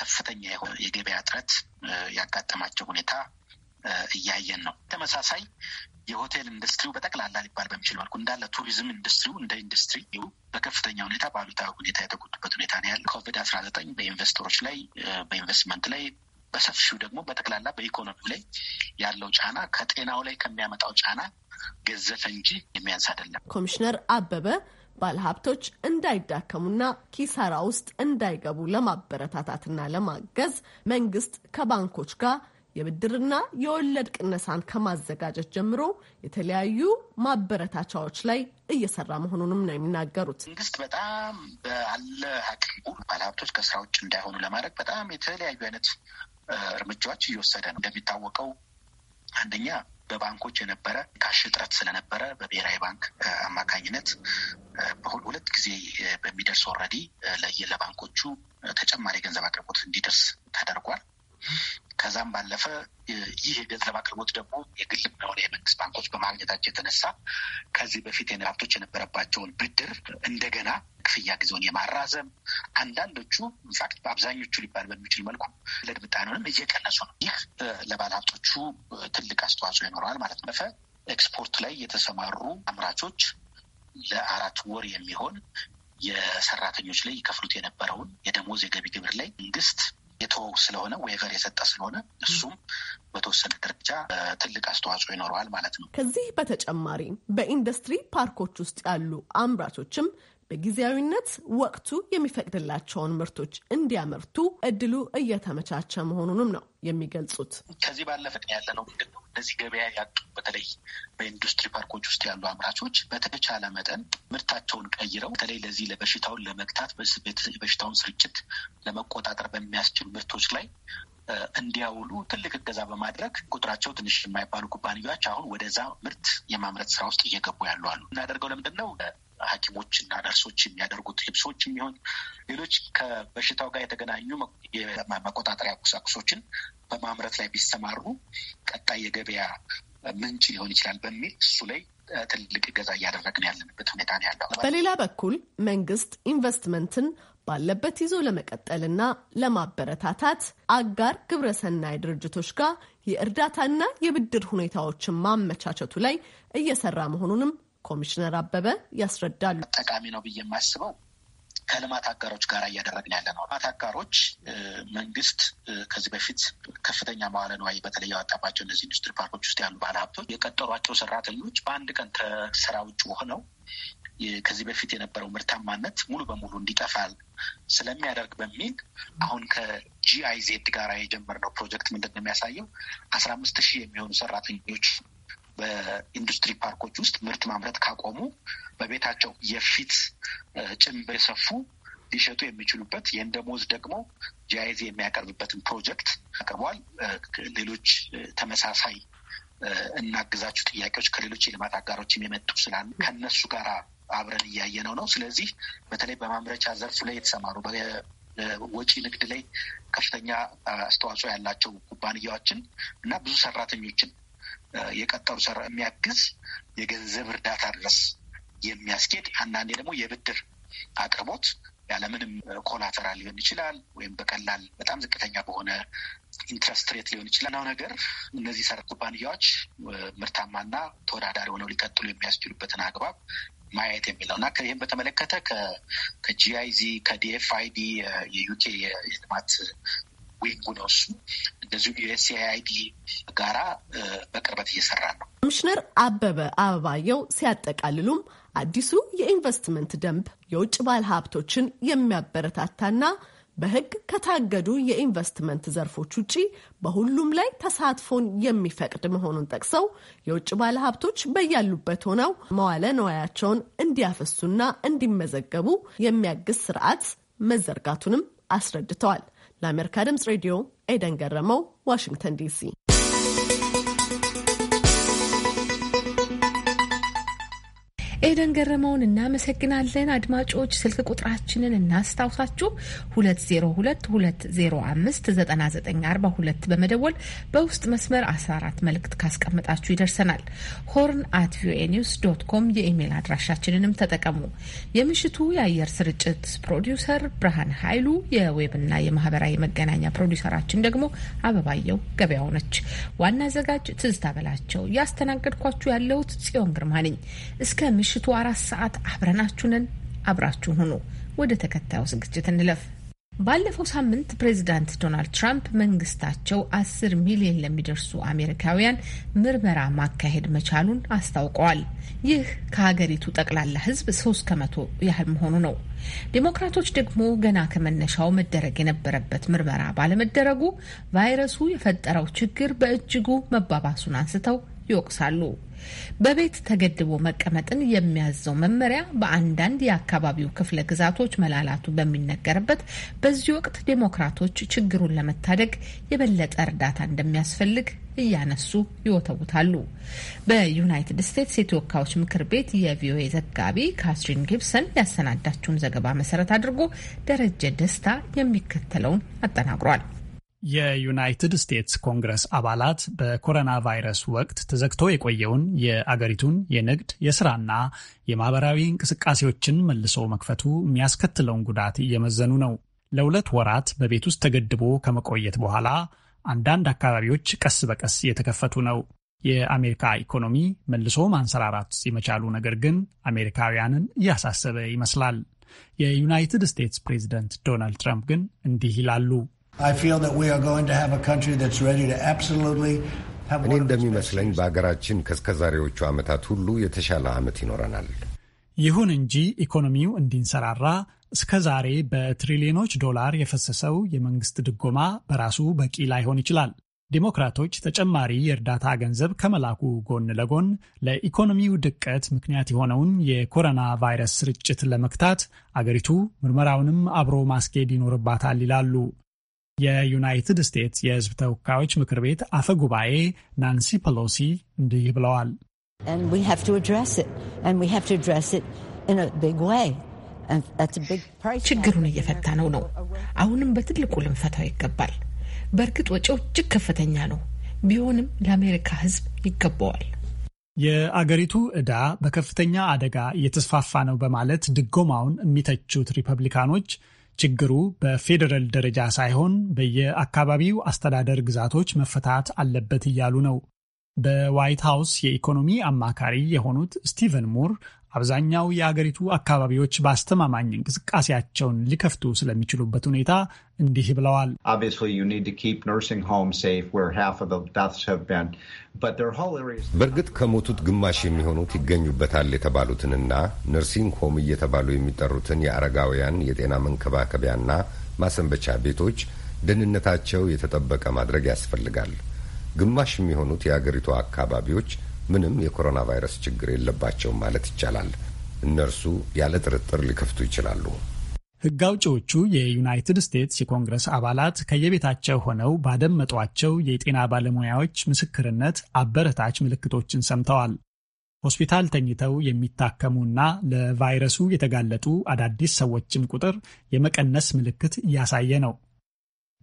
ከፍተኛ የሆነ የገበያ እጥረት ያጋጠማቸው ሁኔታ እያየን ነው። ተመሳሳይ የሆቴል ኢንዱስትሪው በጠቅላላ ሊባል በሚችል መልኩ እንዳለ ቱሪዝም ኢንዱስትሪው እንደ ኢንዱስትሪ በከፍተኛ ሁኔታ በአሉታዊ ሁኔታ የተጎዱበት ሁኔታ ነው ያለ ኮቪድ አስራ ዘጠኝ በኢንቨስተሮች ላይ በኢንቨስትመንት ላይ በሰፊው ደግሞ በጠቅላላ በኢኮኖሚው ላይ ያለው ጫና ከጤናው ላይ ከሚያመጣው ጫና ገዘፈ እንጂ የሚያንስ አይደለም። ኮሚሽነር አበበ ባለሀብቶች እንዳይዳከሙና ኪሳራ ውስጥ እንዳይገቡ ለማበረታታትና ለማገዝ መንግስት ከባንኮች ጋር የብድርና የወለድ ቅነሳን ከማዘጋጀት ጀምሮ የተለያዩ ማበረታቻዎች ላይ እየሰራ መሆኑንም ነው የሚናገሩት። መንግስት በጣም በአለ አቅሙ ባለሀብቶች ከስራ ውጭ እንዳይሆኑ ለማድረግ በጣም የተለያዩ አይነት እርምጃዎች እየወሰደ ነው። እንደሚታወቀው አንደኛ በባንኮች የነበረ ካሽ እጥረት ስለነበረ በብሔራዊ ባንክ አማካኝነት ሁለት ጊዜ በሚደርስ ኦልሬዲ ለየለባንኮቹ ተጨማሪ የገንዘብ አቅርቦት እንዲደርስ ተደርጓል። ከዛም ባለፈ ይህ የገንዘብ አቅርቦት ደግሞ የግል ሆነ የመንግስት ባንኮች በማግኘታቸው የተነሳ ከዚህ በፊት ሀብቶች የነበረባቸውን ብድር እንደገና ክፍያ ጊዜውን የማራዘም አንዳንዶቹ ኢንፋክት በአብዛኞቹ ሊባል በሚችል መልኩ ለድምጣኔውንም እየቀነሱ ነው። ይህ ለባለ ሀብቶቹ ትልቅ አስተዋጽኦ ይኖረዋል ማለት ነው። ኤክስፖርት ላይ የተሰማሩ አምራቾች ለአራት ወር የሚሆን የሰራተኞች ላይ ይከፍሉት የነበረውን የደሞዝ የገቢ ግብር ላይ መንግስት የተወው ስለሆነ ዌቨር የሰጠ ስለሆነ እሱም በተወሰነ ደረጃ ትልቅ አስተዋጽኦ ይኖረዋል ማለት ነው። ከዚህ በተጨማሪ በኢንዱስትሪ ፓርኮች ውስጥ ያሉ አምራቾችም በጊዜያዊነት ወቅቱ የሚፈቅድላቸውን ምርቶች እንዲያመርቱ እድሉ እየተመቻቸ መሆኑንም ነው የሚገልጹት። ከዚህ ባለፈ ያለነው ምንድን ነው? እነዚህ ገበያ ያጡ በተለይ በኢንዱስትሪ ፓርኮች ውስጥ ያሉ አምራቾች በተቻለ መጠን ምርታቸውን ቀይረው በተለይ ለዚህ በሽታውን ለመግታት በሽታውን ስርጭት ለመቆጣጠር በሚያስችል ምርቶች ላይ እንዲያውሉ ትልቅ እገዛ በማድረግ ቁጥራቸው ትንሽ የማይባሉ ኩባንያዎች አሁን ወደዛ ምርት የማምረት ስራ ውስጥ እየገቡ ያሉ አሉ። እናደርገው ለምንድን ነው ሐኪሞች እና ነርሶች የሚያደርጉት ልብሶች የሚሆን ሌሎች ከበሽታው ጋር የተገናኙ መቆጣጠሪያ ቁሳቁሶችን በማምረት ላይ ቢሰማሩ ቀጣይ የገበያ ምንጭ ሊሆን ይችላል በሚል እሱ ላይ ትልቅ እገዛ እያደረግን ያለንበት ሁኔታ ነው ያለው። በሌላ በኩል መንግስት ኢንቨስትመንትን ባለበት ይዞ ለመቀጠልና ለማበረታታት አጋር ግብረሰናይ ድርጅቶች ጋር የእርዳታና የብድር ሁኔታዎችን ማመቻቸቱ ላይ እየሰራ መሆኑንም ኮሚሽነር አበበ ያስረዳሉ። ጠቃሚ ነው ብዬ የማስበው ከልማት አጋሮች ጋር እያደረግን ያለ ነው። ልማት አጋሮች መንግስት ከዚህ በፊት ከፍተኛ መዋለ ንዋይ በተለይ ያወጣባቸው እነዚህ ኢንዱስትሪ ፓርኮች ውስጥ ያሉ ባለሀብቶች የቀጠሯቸው ሰራተኞች በአንድ ቀን ከስራ ውጭ ሆነው ከዚህ በፊት የነበረው ምርታማነት ሙሉ በሙሉ እንዲጠፋል ስለሚያደርግ በሚል አሁን ከጂአይዜድ ጋር የጀመርነው ፕሮጀክት ምንድን ነው የሚያሳየው አስራ አምስት ሺህ የሚሆኑ ሰራተኞች በኢንዱስትሪ ፓርኮች ውስጥ ምርት ማምረት ካቆሙ በቤታቸው የፊት ጭንብል የሰፉ ሊሸጡ የሚችሉበት ይህን ደሞዝ ደግሞ ጃይዝ የሚያቀርብበትን ፕሮጀክት አቅርቧል። ሌሎች ተመሳሳይ እናግዛችሁ ጥያቄዎች ከሌሎች የልማት አጋሮችም የመጡ ስላሉ ከነሱ ጋር አብረን እያየነው ነው። ስለዚህ በተለይ በማምረቻ ዘርፍ ላይ የተሰማሩ ወጪ ንግድ ላይ ከፍተኛ አስተዋጽኦ ያላቸው ኩባንያዎችን እና ብዙ ሰራተኞችን የቀጠሩ ሰራ የሚያግዝ የገንዘብ እርዳታ ድረስ የሚያስኬድ አንዳንዴ ደግሞ የብድር አቅርቦት ያለምንም ኮላተራል ሊሆን ይችላል ወይም በቀላል በጣም ዝቅተኛ በሆነ ኢንትረስት ሬት ሊሆን ይችላል። ናው ነገር እነዚህ ሰራ ኩባንያዎች ምርታማና ተወዳዳሪ ሆነው ሊቀጥሉ የሚያስችሉበትን አግባብ ማየት የሚለው እና ይህም በተመለከተ ከጂአይዚ ከዲኤፍአይዲ የዩኬ የልማት ዊንጉ ነው እሱ እንደዚሁ ዩኤስኤአይዲ ጋራ በቅርበት እየሰራ ነው። ኮሚሽነር አበበ አበባየው ሲያጠቃልሉም አዲሱ የኢንቨስትመንት ደንብ የውጭ ባለ ሀብቶችን የሚያበረታታና በሕግ ከታገዱ የኢንቨስትመንት ዘርፎች ውጪ በሁሉም ላይ ተሳትፎን የሚፈቅድ መሆኑን ጠቅሰው የውጭ ባለሀብቶች በያሉበት ሆነው መዋለ ንዋያቸውን እንዲያፈሱና እንዲመዘገቡ የሚያግዝ ስርዓት መዘርጋቱንም አስረድተዋል። ለአሜሪካ ድምፅ ሬዲዮ ኤደን ገረመው፣ ዋሽንግተን ዲሲ ኤደን ገረመውን እናመሰግናለን። አድማጮች ስልክ ቁጥራችንን እናስታውሳችሁ 2022059942 በመደወል በውስጥ መስመር 14 መልእክት ካስቀምጣችሁ ይደርሰናል። ሆርን አት ቪኦኤ ኒውስ ዶት ኮም የኢሜይል አድራሻችንንም ተጠቀሙ። የምሽቱ የአየር ስርጭት ፕሮዲውሰር ብርሃን ኃይሉ፣ የዌብና የማህበራዊ መገናኛ ፕሮዲውሰራችን ደግሞ አበባየው ገበያው ነች። ዋና አዘጋጅ ትዝታ በላቸው፣ እያስተናገድኳችሁ ያለሁት ጽዮን ግርማ ነኝ እስከ ምሽ ከምሽቱ አራት ሰዓት አብረናችሁንን አብራችሁን ሁኑ። ወደ ተከታዩ ዝግጅት እንለፍ። ባለፈው ሳምንት ፕሬዚዳንት ዶናልድ ትራምፕ መንግስታቸው አስር ሚሊዮን ለሚደርሱ አሜሪካውያን ምርመራ ማካሄድ መቻሉን አስታውቀዋል። ይህ ከሀገሪቱ ጠቅላላ ሕዝብ ሶስት ከመቶ ያህል መሆኑ ነው። ዴሞክራቶች ደግሞ ገና ከመነሻው መደረግ የነበረበት ምርመራ ባለመደረጉ ቫይረሱ የፈጠረው ችግር በእጅጉ መባባሱን አንስተው ይወቅሳሉ። በቤት ተገድቦ መቀመጥን የሚያዘው መመሪያ በአንዳንድ የአካባቢው ክፍለ ግዛቶች መላላቱ በሚነገርበት በዚህ ወቅት ዴሞክራቶች ችግሩን ለመታደግ የበለጠ እርዳታ እንደሚያስፈልግ እያነሱ ይወተውታሉ። በዩናይትድ ስቴትስ የተወካዮች ምክር ቤት የቪኦኤ ዘጋቢ ካትሪን ጊብሰን ያሰናዳችውን ዘገባ መሰረት አድርጎ ደረጀ ደስታ የሚከተለውን አጠናቅሯል። የዩናይትድ ስቴትስ ኮንግረስ አባላት በኮሮና ቫይረስ ወቅት ተዘግቶ የቆየውን የአገሪቱን የንግድ የስራና የማህበራዊ እንቅስቃሴዎችን መልሶ መክፈቱ የሚያስከትለውን ጉዳት እየመዘኑ ነው። ለሁለት ወራት በቤት ውስጥ ተገድቦ ከመቆየት በኋላ አንዳንድ አካባቢዎች ቀስ በቀስ እየተከፈቱ ነው። የአሜሪካ ኢኮኖሚ መልሶ ማንሰራራት የመቻሉ ነገር ግን አሜሪካውያንን እያሳሰበ ይመስላል። የዩናይትድ ስቴትስ ፕሬዚደንት ዶናልድ ትራምፕ ግን እንዲህ ይላሉ። እኔ እንደሚመስለኝ በሀገራችን ከእስከዛሬዎቹ ዓመታት ሁሉ የተሻለ ዓመት ይኖረናል። ይሁን እንጂ ኢኮኖሚው እንዲንሰራራ እስከ ዛሬ በትሪሊዮኖች ዶላር የፈሰሰው የመንግስት ድጎማ በራሱ በቂ ላይሆን ይችላል። ዴሞክራቶች ተጨማሪ የእርዳታ ገንዘብ ከመላኩ ጎን ለጎን ለኢኮኖሚው ድቀት ምክንያት የሆነውን የኮሮና ቫይረስ ስርጭት ለመክታት አገሪቱ ምርመራውንም አብሮ ማስኬድ ይኖርባታል ይላሉ። የዩናይትድ ስቴትስ የሕዝብ ተወካዮች ምክር ቤት አፈ ጉባኤ ናንሲ ፐሎሲ እንዲህ ብለዋል። ችግሩን እየፈታ ነው ነው አሁንም በትልቁ ልንፈታው ይገባል። በእርግጥ ወጪው እጅግ ከፍተኛ ነው። ቢሆንም ለአሜሪካ ሕዝብ ይገባዋል። የአገሪቱ ዕዳ በከፍተኛ አደጋ እየተስፋፋ ነው በማለት ድጎማውን የሚተቹት ሪፐብሊካኖች ችግሩ በፌዴራል ደረጃ ሳይሆን በየአካባቢው አስተዳደር ግዛቶች መፈታት አለበት እያሉ ነው። በዋይት ሃውስ የኢኮኖሚ አማካሪ የሆኑት ስቲቨን ሙር አብዛኛው የአገሪቱ አካባቢዎች በአስተማማኝ እንቅስቃሴያቸውን ሊከፍቱ ስለሚችሉበት ሁኔታ እንዲህ ብለዋል። በእርግጥ ከሞቱት ግማሽ የሚሆኑት ይገኙበታል የተባሉትንና ነርሲንግ ሆም እየተባሉ የሚጠሩትን የአረጋውያን የጤና መንከባከቢያና ማሰንበቻ ቤቶች ደህንነታቸው የተጠበቀ ማድረግ ያስፈልጋል። ግማሽ የሚሆኑት የአገሪቱ አካባቢዎች ምንም የኮሮና ቫይረስ ችግር የለባቸውም ማለት ይቻላል። እነርሱ ያለ ጥርጥር ሊከፍቱ ይችላሉ። ሕግ አውጪዎቹ የዩናይትድ ስቴትስ የኮንግረስ አባላት ከየቤታቸው ሆነው ባደመጧቸው የጤና ባለሙያዎች ምስክርነት አበረታች ምልክቶችን ሰምተዋል። ሆስፒታል ተኝተው የሚታከሙና ለቫይረሱ የተጋለጡ አዳዲስ ሰዎችም ቁጥር የመቀነስ ምልክት እያሳየ ነው።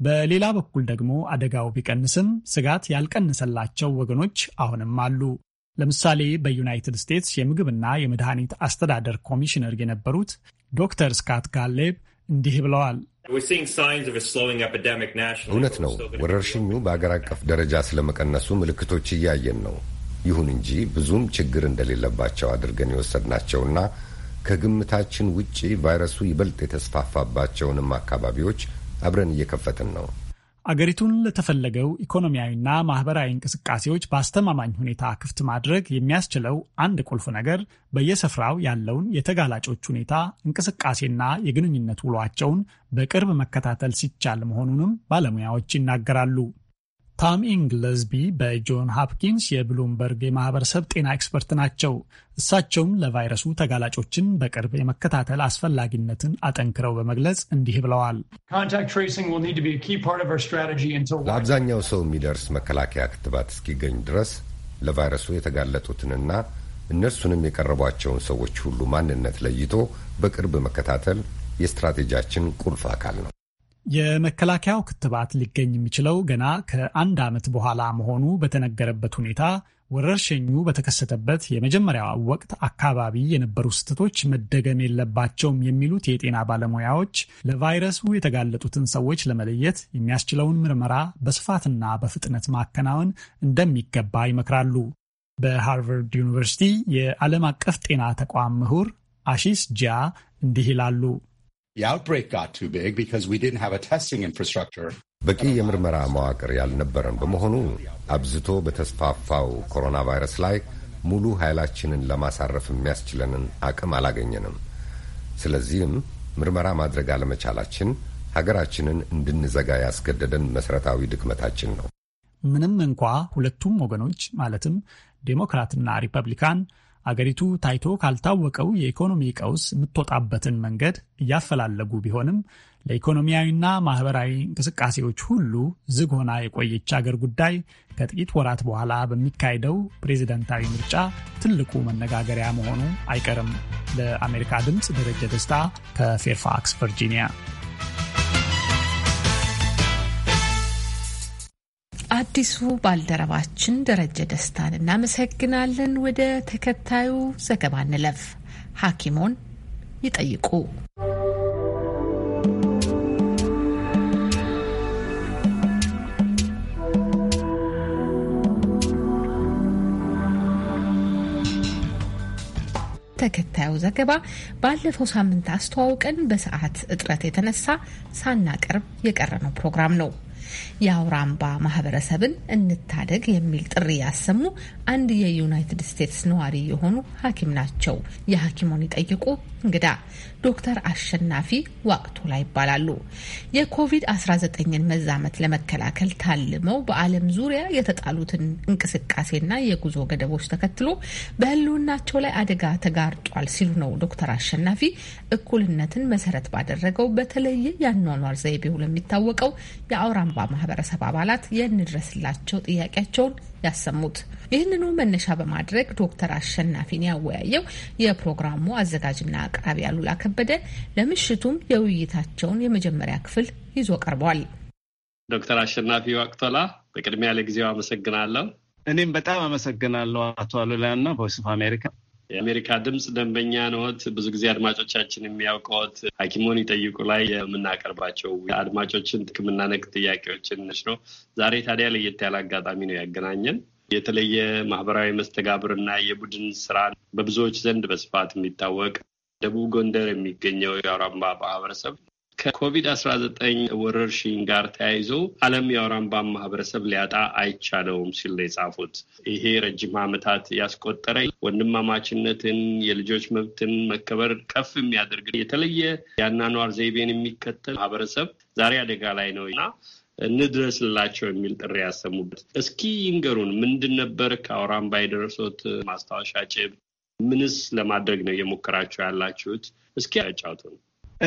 በሌላ በኩል ደግሞ አደጋው ቢቀንስም ስጋት ያልቀነሰላቸው ወገኖች አሁንም አሉ። ለምሳሌ በዩናይትድ ስቴትስ የምግብና የመድኃኒት አስተዳደር ኮሚሽነር የነበሩት ዶክተር ስካት ጋሌብ እንዲህ ብለዋል። እውነት ነው፣ ወረርሽኙ በአገር አቀፍ ደረጃ ስለመቀነሱ ምልክቶች እያየን ነው። ይሁን እንጂ ብዙም ችግር እንደሌለባቸው አድርገን የወሰድናቸውና ከግምታችን ውጪ ቫይረሱ ይበልጥ የተስፋፋባቸውንም አካባቢዎች አብረን እየከፈትን ነው። አገሪቱን ለተፈለገው ኢኮኖሚያዊና ማህበራዊ እንቅስቃሴዎች በአስተማማኝ ሁኔታ ክፍት ማድረግ የሚያስችለው አንድ ቁልፍ ነገር በየስፍራው ያለውን የተጋላጮች ሁኔታ እንቅስቃሴና የግንኙነት ውሏቸውን በቅርብ መከታተል ሲቻል መሆኑንም ባለሙያዎች ይናገራሉ። ታም ኢንግለዝቢ በጆን ሃፕኪንስ የብሉምበርግ የማህበረሰብ ጤና ኤክስፐርት ናቸው። እሳቸውም ለቫይረሱ ተጋላጮችን በቅርብ የመከታተል አስፈላጊነትን አጠንክረው በመግለጽ እንዲህ ብለዋል። ለአብዛኛው ሰው የሚደርስ መከላከያ ክትባት እስኪገኝ ድረስ ለቫይረሱ የተጋለጡትንና እነርሱንም የቀረቧቸውን ሰዎች ሁሉ ማንነት ለይቶ በቅርብ መከታተል የስትራቴጂያችን ቁልፍ አካል ነው። የመከላከያው ክትባት ሊገኝ የሚችለው ገና ከአንድ ዓመት በኋላ መሆኑ በተነገረበት ሁኔታ ወረርሽኙ በተከሰተበት የመጀመሪያው ወቅት አካባቢ የነበሩ ስህተቶች መደገም የለባቸውም የሚሉት የጤና ባለሙያዎች ለቫይረሱ የተጋለጡትን ሰዎች ለመለየት የሚያስችለውን ምርመራ በስፋትና በፍጥነት ማከናወን እንደሚገባ ይመክራሉ። በሃርቨርድ ዩኒቨርሲቲ የዓለም አቀፍ ጤና ተቋም ምሁር አሺስ ጂያ እንዲህ ይላሉ። በቂ የምርመራ መዋቅር ያልነበረን በመሆኑ አብዝቶ በተስፋፋው ኮሮና ቫይረስ ላይ ሙሉ ኃይላችንን ለማሳረፍ የሚያስችለንን አቅም አላገኘንም። ስለዚህም ምርመራ ማድረግ አለመቻላችን ሀገራችንን እንድንዘጋ ያስገደደን መሠረታዊ ድክመታችን ነው። ምንም እንኳ ሁለቱም ወገኖች ማለትም ዴሞክራትና ሪፐብሊካን አገሪቱ ታይቶ ካልታወቀው የኢኮኖሚ ቀውስ የምትወጣበትን መንገድ እያፈላለጉ ቢሆንም ለኢኮኖሚያዊና ማህበራዊ እንቅስቃሴዎች ሁሉ ዝግ ሆና የቆየች አገር ጉዳይ ከጥቂት ወራት በኋላ በሚካሄደው ፕሬዝደንታዊ ምርጫ ትልቁ መነጋገሪያ መሆኑ አይቀርም። ለአሜሪካ ድምፅ ደረጀ ደስታ ከፌርፋክስ ቨርጂኒያ አዲሱ ባልደረባችን ደረጀ ደስታን እናመሰግናለን። ወደ ተከታዩ ዘገባ እንለፍ። ሐኪሞን ይጠይቁ ተከታዩ ዘገባ ባለፈው ሳምንት አስተዋውቀን በሰዓት እጥረት የተነሳ ሳናቀርብ የቀረነው ፕሮግራም ነው። የአውራምባ ማህበረሰብን እንታደግ የሚል ጥሪ ያሰሙ አንድ የዩናይትድ ስቴትስ ነዋሪ የሆኑ ሐኪም ናቸው። የሐኪሙን ይጠይቁ እንግዳ ዶክተር አሸናፊ ዋቅቱ ላይ ይባላሉ። የኮቪድ-19ን መዛመት ለመከላከል ታልመው በዓለም ዙሪያ የተጣሉትን እንቅስቃሴና የጉዞ ገደቦች ተከትሎ በሕልውናቸው ላይ አደጋ ተጋርጧል ሲሉ ነው ዶክተር አሸናፊ እኩልነትን መሰረት ባደረገው በተለየ ያኗኗር ዘይቤው ለሚታወቀው የአውራምባ ማህበረሰብ አባላት የንድረስላቸው ጥያቄያቸውን ያሰሙት። ይህንኑ መነሻ በማድረግ ዶክተር አሸናፊን ያወያየው የፕሮግራሙ አዘጋጅና አቅራቢ ያሉላ ከበደ ለምሽቱም የውይይታቸውን የመጀመሪያ ክፍል ይዞ ቀርቧል። ዶክተር አሸናፊ ዋቅቶላ በቅድሚያ ለጊዜው አመሰግናለሁ። እኔም በጣም አመሰግናለሁ አቶ አሉላ እና ቮይስ ኦፍ አሜሪካ የአሜሪካ ድምፅ ደንበኛ ነዎት። ብዙ ጊዜ አድማጮቻችን የሚያውቀዎት ሐኪሞን ይጠይቁ ላይ የምናቀርባቸው አድማጮችን ሕክምና ነክ ጥያቄዎችን ነው። ዛሬ ታዲያ ለየት ያለ አጋጣሚ ነው ያገናኘን። የተለየ ማህበራዊ መስተጋብርና የቡድን ስራ በብዙዎች ዘንድ በስፋት የሚታወቅ ደቡብ ጎንደር የሚገኘው የአውራምባ ማህበረሰብ ከኮቪድ-19 ወረርሽኝ ጋር ተያይዞ ዓለም የአውራምባ ማህበረሰብ ሊያጣ አይቻለውም ሲል ነው የጻፉት። ይሄ ረጅም ዓመታት ያስቆጠረ ወንድማማችነትን፣ የልጆች መብትን መከበር ከፍ የሚያደርግ የተለየ የአኗኗር ዘይቤን የሚከተል ማህበረሰብ ዛሬ አደጋ ላይ ነው እና እንድረስላቸው የሚል ጥሪ ያሰሙበት። እስኪ ይንገሩን፣ ምንድን ነበር ከአውራምባ የደረሶት ማስታወሻ ጭብጥ? ምንስ ለማድረግ ነው የሞከራቸው ያላችሁት? እስኪ ያጫውቱ ነው።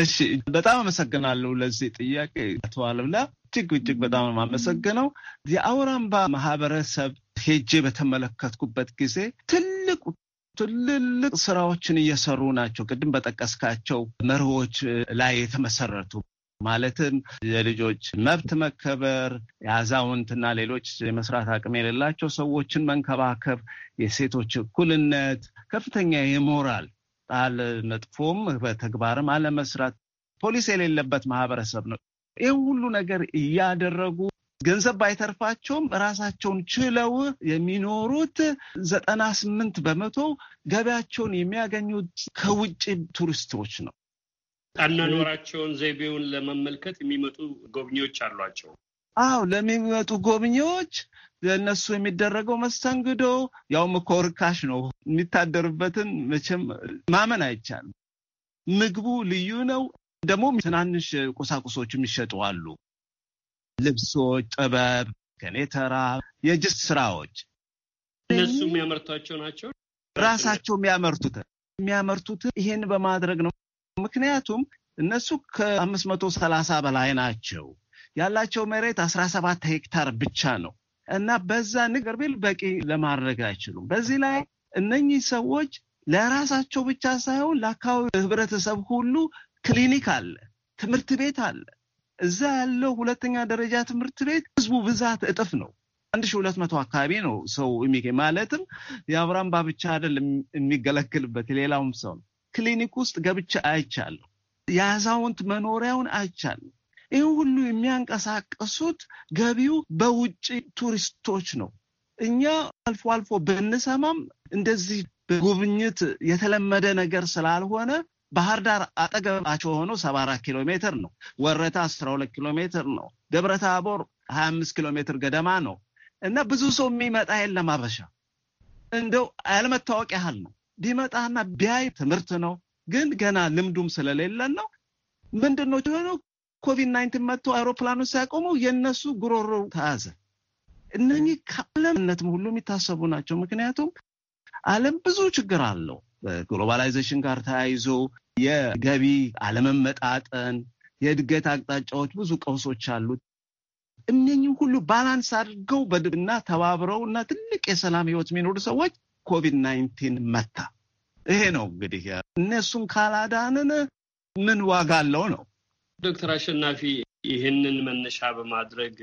እሺ፣ በጣም አመሰግናለሁ ለዚህ ጥያቄ አቶ አለምላ እጅግ እጅግ በጣም ነው የማመሰግነው። የአውራምባ ማህበረሰብ ሄጄ በተመለከትኩበት ጊዜ ትልቁ ትልልቅ ስራዎችን እየሰሩ ናቸው። ቅድም በጠቀስካቸው መርሆች ላይ የተመሰረቱ ማለትም የልጆች መብት መከበር፣ የአዛውንትና ሌሎች የመስራት አቅም የሌላቸው ሰዎችን መንከባከብ፣ የሴቶች እኩልነት፣ ከፍተኛ የሞራል ጣል መጥፎም በተግባርም አለመስራት ፖሊስ የሌለበት ማህበረሰብ ነው። ይህ ሁሉ ነገር እያደረጉ ገንዘብ ባይተርፋቸውም ራሳቸውን ችለው የሚኖሩት ዘጠና ስምንት በመቶ ገበያቸውን የሚያገኙት ከውጭ ቱሪስቶች ነው። ኖራቸውን ዘይቤውን ለመመልከት የሚመጡ ጎብኚዎች አሏቸው። አዎ ለሚመጡ ጎብኚዎች ለእነሱ የሚደረገው መስተንግዶ ያውም እኮ ርካሽ ነው። የሚታደርበትን መቼም ማመን አይቻልም። ምግቡ ልዩ ነው። ደግሞ ትናንሽ ቁሳቁሶች ይሸጡ አሉ። ልብሶች፣ ጥበብ፣ ከኔተራ፣ የጅስ ስራዎች እነሱ የሚያመርቷቸው ናቸው። ራሳቸው የሚያመርቱት የሚያመርቱት ይሄን በማድረግ ነው። ምክንያቱም እነሱ ከአምስት መቶ ሰላሳ በላይ ናቸው። ያላቸው መሬት አስራ ሰባት ሄክታር ብቻ ነው። እና በዛ ነገር ቢል በቂ ለማድረግ አይችሉም። በዚህ ላይ እነኚህ ሰዎች ለራሳቸው ብቻ ሳይሆን ለአካባቢ ህብረተሰብ ሁሉ ክሊኒክ አለ፣ ትምህርት ቤት አለ። እዛ ያለው ሁለተኛ ደረጃ ትምህርት ቤት ህዝቡ ብዛት እጥፍ ነው። አንድ ሺ ሁለት መቶ አካባቢ ነው ሰው ማለትም የአብራምባ ብቻ አይደለም የሚገለግልበት የሌላውም ሰው ነው። ክሊኒክ ውስጥ ገብቼ አይቻለሁ። የአዛውንት መኖሪያውን አይቻለሁ። ይህ ሁሉ የሚያንቀሳቀሱት ገቢው በውጭ ቱሪስቶች ነው። እኛ አልፎ አልፎ ብንሰማም እንደዚህ በጉብኝት የተለመደ ነገር ስላልሆነ ባህር ዳር አጠገባቸው ሆኖ ሰባ አራት ኪሎ ሜትር ነው። ወረታ አስራ ሁለት ኪሎ ሜትር ነው። ደብረ ታቦር ሀያ አምስት ኪሎ ሜትር ገደማ ነው እና ብዙ ሰው የሚመጣ የለም። አበሻ እንደው ያለመታወቅ ያህል ነው። ቢመጣና ቢያይ ትምህርት ነው። ግን ገና ልምዱም ስለሌለን ነው ምንድን ነው የሆነው ኮቪድ ናይንቲን መጥቶ አውሮፕላኖች ሲያቆሙ የእነሱ ጉሮሮ ተያዘ። እነኚህ ከአለምነት ሁሉ የሚታሰቡ ናቸው። ምክንያቱም ዓለም ብዙ ችግር አለው በግሎባላይዜሽን ጋር ተያይዞ የገቢ አለመመጣጠን፣ የእድገት አቅጣጫዎች ብዙ ቀውሶች አሉት። እነኚህ ሁሉ ባላንስ አድርገው በድብና ተባብረው እና ትልቅ የሰላም ህይወት የሚኖሩ ሰዎች ኮቪድ ናይንቲን መታ። ይሄ ነው እንግዲህ እነሱን ካላዳንን ምን ዋጋ አለው ነው ዶክተር አሸናፊ ይህንን መነሻ በማድረግ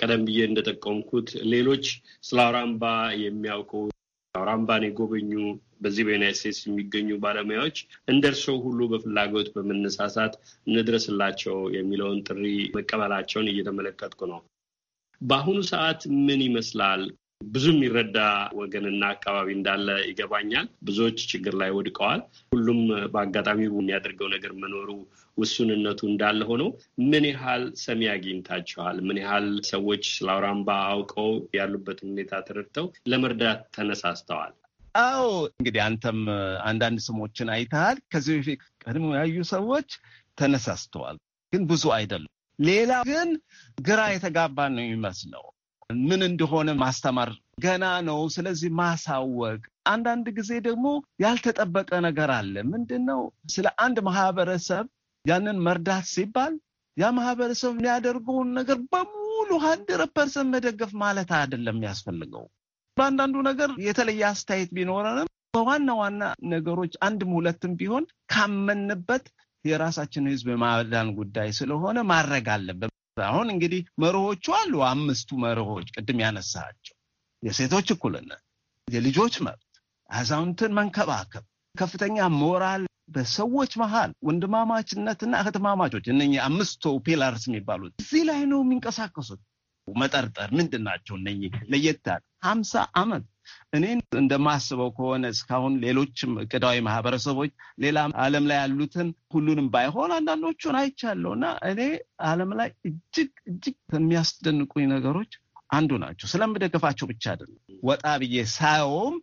ቀደም ብዬ እንደጠቀምኩት ሌሎች ስለ አውራምባ የሚያውቁ አውራምባን የጎበኙ በዚህ በዩናይት ስቴትስ የሚገኙ ባለሙያዎች እንደ እርስዎ ሁሉ በፍላጎት በመነሳሳት እንድረስላቸው የሚለውን ጥሪ መቀበላቸውን እየተመለከትኩ ነው። በአሁኑ ሰዓት ምን ይመስላል? ብዙ የሚረዳ ወገንና አካባቢ እንዳለ ይገባኛል። ብዙዎች ችግር ላይ ወድቀዋል። ሁሉም በአጋጣሚ የሚያደርገው ነገር መኖሩ ውሱንነቱ እንዳለ ሆኖ ምን ያህል ሰሚ አግኝታችኋል? ምን ያህል ሰዎች ስለ አውራምባ አውቀው ያሉበትን ሁኔታ ተረድተው ለመርዳት ተነሳስተዋል? አዎ እንግዲህ አንተም አንዳንድ ስሞችን አይተሃል። ከዚህ በፊት ቀድሞ ያዩ ሰዎች ተነሳስተዋል፣ ግን ብዙ አይደሉም። ሌላ ግን ግራ የተጋባ ነው የሚመስለው ምን እንደሆነ ማስተማር ገና ነው። ስለዚህ ማሳወቅ። አንዳንድ ጊዜ ደግሞ ያልተጠበቀ ነገር አለ። ምንድን ነው ስለ አንድ ማህበረሰብ ያንን መርዳት ሲባል ያ ማህበረሰብ የሚያደርገውን ነገር በሙሉ ሀንድረ ፐርሰንት መደገፍ ማለት አይደለም የሚያስፈልገው። በአንዳንዱ ነገር የተለየ አስተያየት ቢኖረንም በዋና ዋና ነገሮች አንድም ሁለትም ቢሆን ካመንበት የራሳችን ህዝብ የማዳን ጉዳይ ስለሆነ ማድረግ አለብን። አሁን እንግዲህ መርሆቹ አሉ። አምስቱ መርሆች ቅድም ያነሳቸው የሴቶች እኩልነት፣ የልጆች መብት፣ አዛውንትን መንከባከብ፣ ከፍተኛ ሞራል በሰዎች መሀል ወንድማማችነትና እህትማማቾች እነ አምስቶ ፒላርስ የሚባሉት እዚህ ላይ ነው የሚንቀሳቀሱት። መጠርጠር ምንድን ናቸው እነ ለየታል ሀምሳ ዓመት እኔ እንደማስበው ከሆነ እስካሁን ሌሎችም ቅዳዊ ማህበረሰቦች ሌላ ዓለም ላይ ያሉትን ሁሉንም ባይሆን አንዳንዶቹን አይቻለሁ እና እኔ ዓለም ላይ እጅግ እጅግ ከሚያስደንቁኝ ነገሮች አንዱ ናቸው። ስለምደገፋቸው ብቻ አይደለም፣ ወጣ ብዬ ሳየውም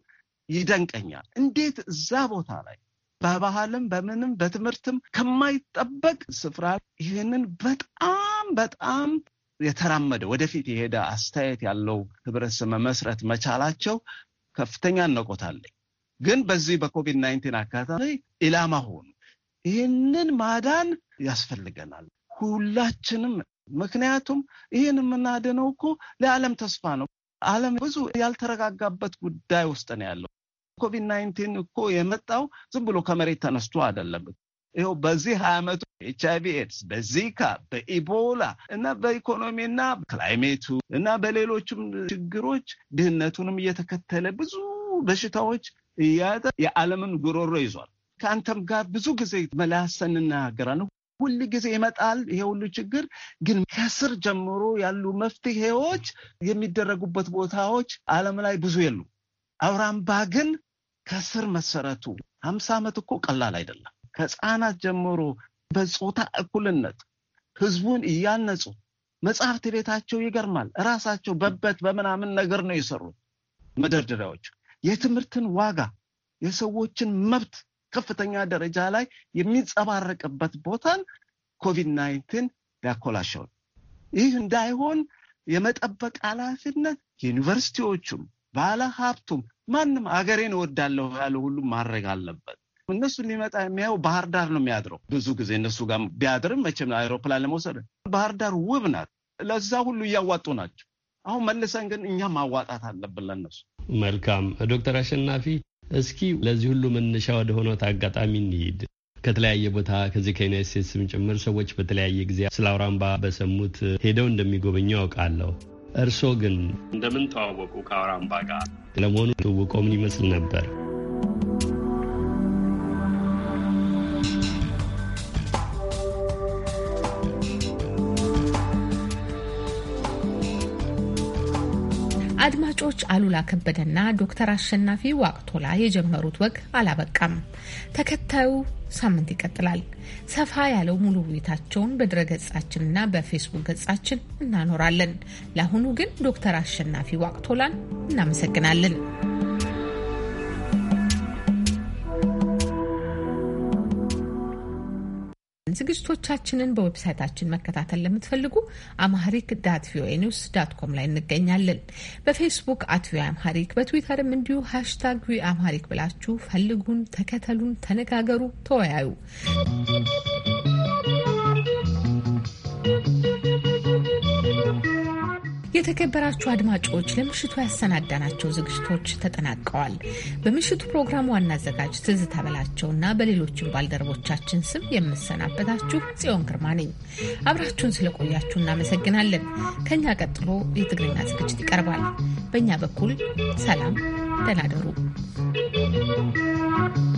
ይደንቀኛል። እንዴት እዛ ቦታ ላይ በባህልም በምንም በትምህርትም ከማይጠበቅ ስፍራ ይህንን በጣም በጣም የተራመደ ወደፊት የሄደ አስተያየት ያለው ህብረተሰብ መመስረት መቻላቸው ከፍተኛ እነቆታለኝ። ግን በዚህ በኮቪድ ናይንቲን አካባቢ ኢላማ ሆኑ። ይህንን ማዳን ያስፈልገናል ሁላችንም። ምክንያቱም ይህን የምናድነው እኮ ለዓለም ተስፋ ነው። ዓለም ብዙ ያልተረጋጋበት ጉዳይ ውስጥ ነው ያለው። ኮቪድ ናይንቲን እኮ የመጣው ዝም ብሎ ከመሬት ተነስቶ አይደለም። ይኸው በዚህ ዓመቱ ኤች አይቪ ኤድስ፣ በዚካ፣ በኢቦላ እና በኢኮኖሚና ክላይሜቱ እና በሌሎችም ችግሮች ድህነቱንም እየተከተለ ብዙ በሽታዎች እያጠ የዓለምን ጉሮሮ ይዟል። ከአንተም ጋር ብዙ ጊዜ መላሰን እናገራለን። ሁል ጊዜ ይመጣል ይሄ ሁሉ ችግር። ግን ከስር ጀምሮ ያሉ መፍትሄዎች የሚደረጉበት ቦታዎች ዓለም ላይ ብዙ የሉ። አውራምባ ግን ከስር መሰረቱ ሀምሳ ዓመት እኮ ቀላል አይደለም። ከህፃናት ጀምሮ በጾታ እኩልነት ህዝቡን እያነጹ መጽሐፍት ቤታቸው ይገርማል። እራሳቸው በበት በምናምን ነገር ነው የሰሩት መደርደሪያዎች የትምህርትን ዋጋ የሰዎችን መብት ከፍተኛ ደረጃ ላይ የሚንጸባረቅበት ቦታን ኮቪድ ናይንቲን ሊያኮላሸው ይህ እንዳይሆን የመጠበቅ ኃላፊነት የዩኒቨርሲቲዎቹም ባለ ሀብቱም ማንም አገሬን እወዳለሁ ያለ ሁሉም ማድረግ አለበት። እነሱ ሊመጣ የሚያየው ባህር ዳር ነው የሚያድረው። ብዙ ጊዜ እነሱ ጋር ቢያድርም መቼም አይሮፕላን ለመውሰድ ባህር ዳር ውብ ናት። ለዛ ሁሉ እያዋጡ ናቸው። አሁን መልሰን ግን እኛ ማዋጣት አለብን ለነሱ። መልካም ዶክተር አሸናፊ እስኪ ለዚህ ሁሉ መነሻ ወደ ሆነት አጋጣሚ እንሂድ። ከተለያየ ቦታ ከዚህ ከዩናይት ስቴትስም ጭምር ሰዎች በተለያየ ጊዜ ስለ አውራምባ በሰሙት ሄደው እንደሚጎበኙ ያውቃለሁ። እርሶ ግን እንደምን ተዋወቁ ከአውራምባ ጋር? ለመሆኑ ትውቆ ምን ይመስል ነበር? አድማጮች አሉላ ከበደና ዶክተር አሸናፊ ዋቅቶላ የጀመሩት ወግ አላበቃም። ተከታዩ ሳምንት ይቀጥላል። ሰፋ ያለው ሙሉ ውይይታቸውን በድረገጻችንና በፌስቡክ ገጻችን እናኖራለን። ለአሁኑ ግን ዶክተር አሸናፊ ዋቅቶላን እናመሰግናለን። ዝግጅቶቻችንን በዌብሳይታችን መከታተል ለምትፈልጉ አማሪክ ዳት ቪኦኤ ኒውስ ዳት ኮም ላይ እንገኛለን። በፌስቡክ አት ቪኦኤ አምሃሪክ፣ በትዊተርም እንዲሁ ሃሽታግ ቪኦኤ አማሪክ ብላችሁ ፈልጉን፣ ተከተሉን፣ ተነጋገሩ፣ ተወያዩ። የተከበራችሁ አድማጮች ለምሽቱ ያሰናዳናቸው ዝግጅቶች ተጠናቀዋል። በምሽቱ ፕሮግራም ዋና አዘጋጅ ትዝታ በላቸውና በሌሎችም ባልደረቦቻችን ስም የምሰናበታችሁ ጽዮን ግርማ ነኝ። አብራችሁን ስለቆያችሁ እናመሰግናለን። ከእኛ ቀጥሎ የትግርኛ ዝግጅት ይቀርባል። በእኛ በኩል ሰላም፣ ደህና you.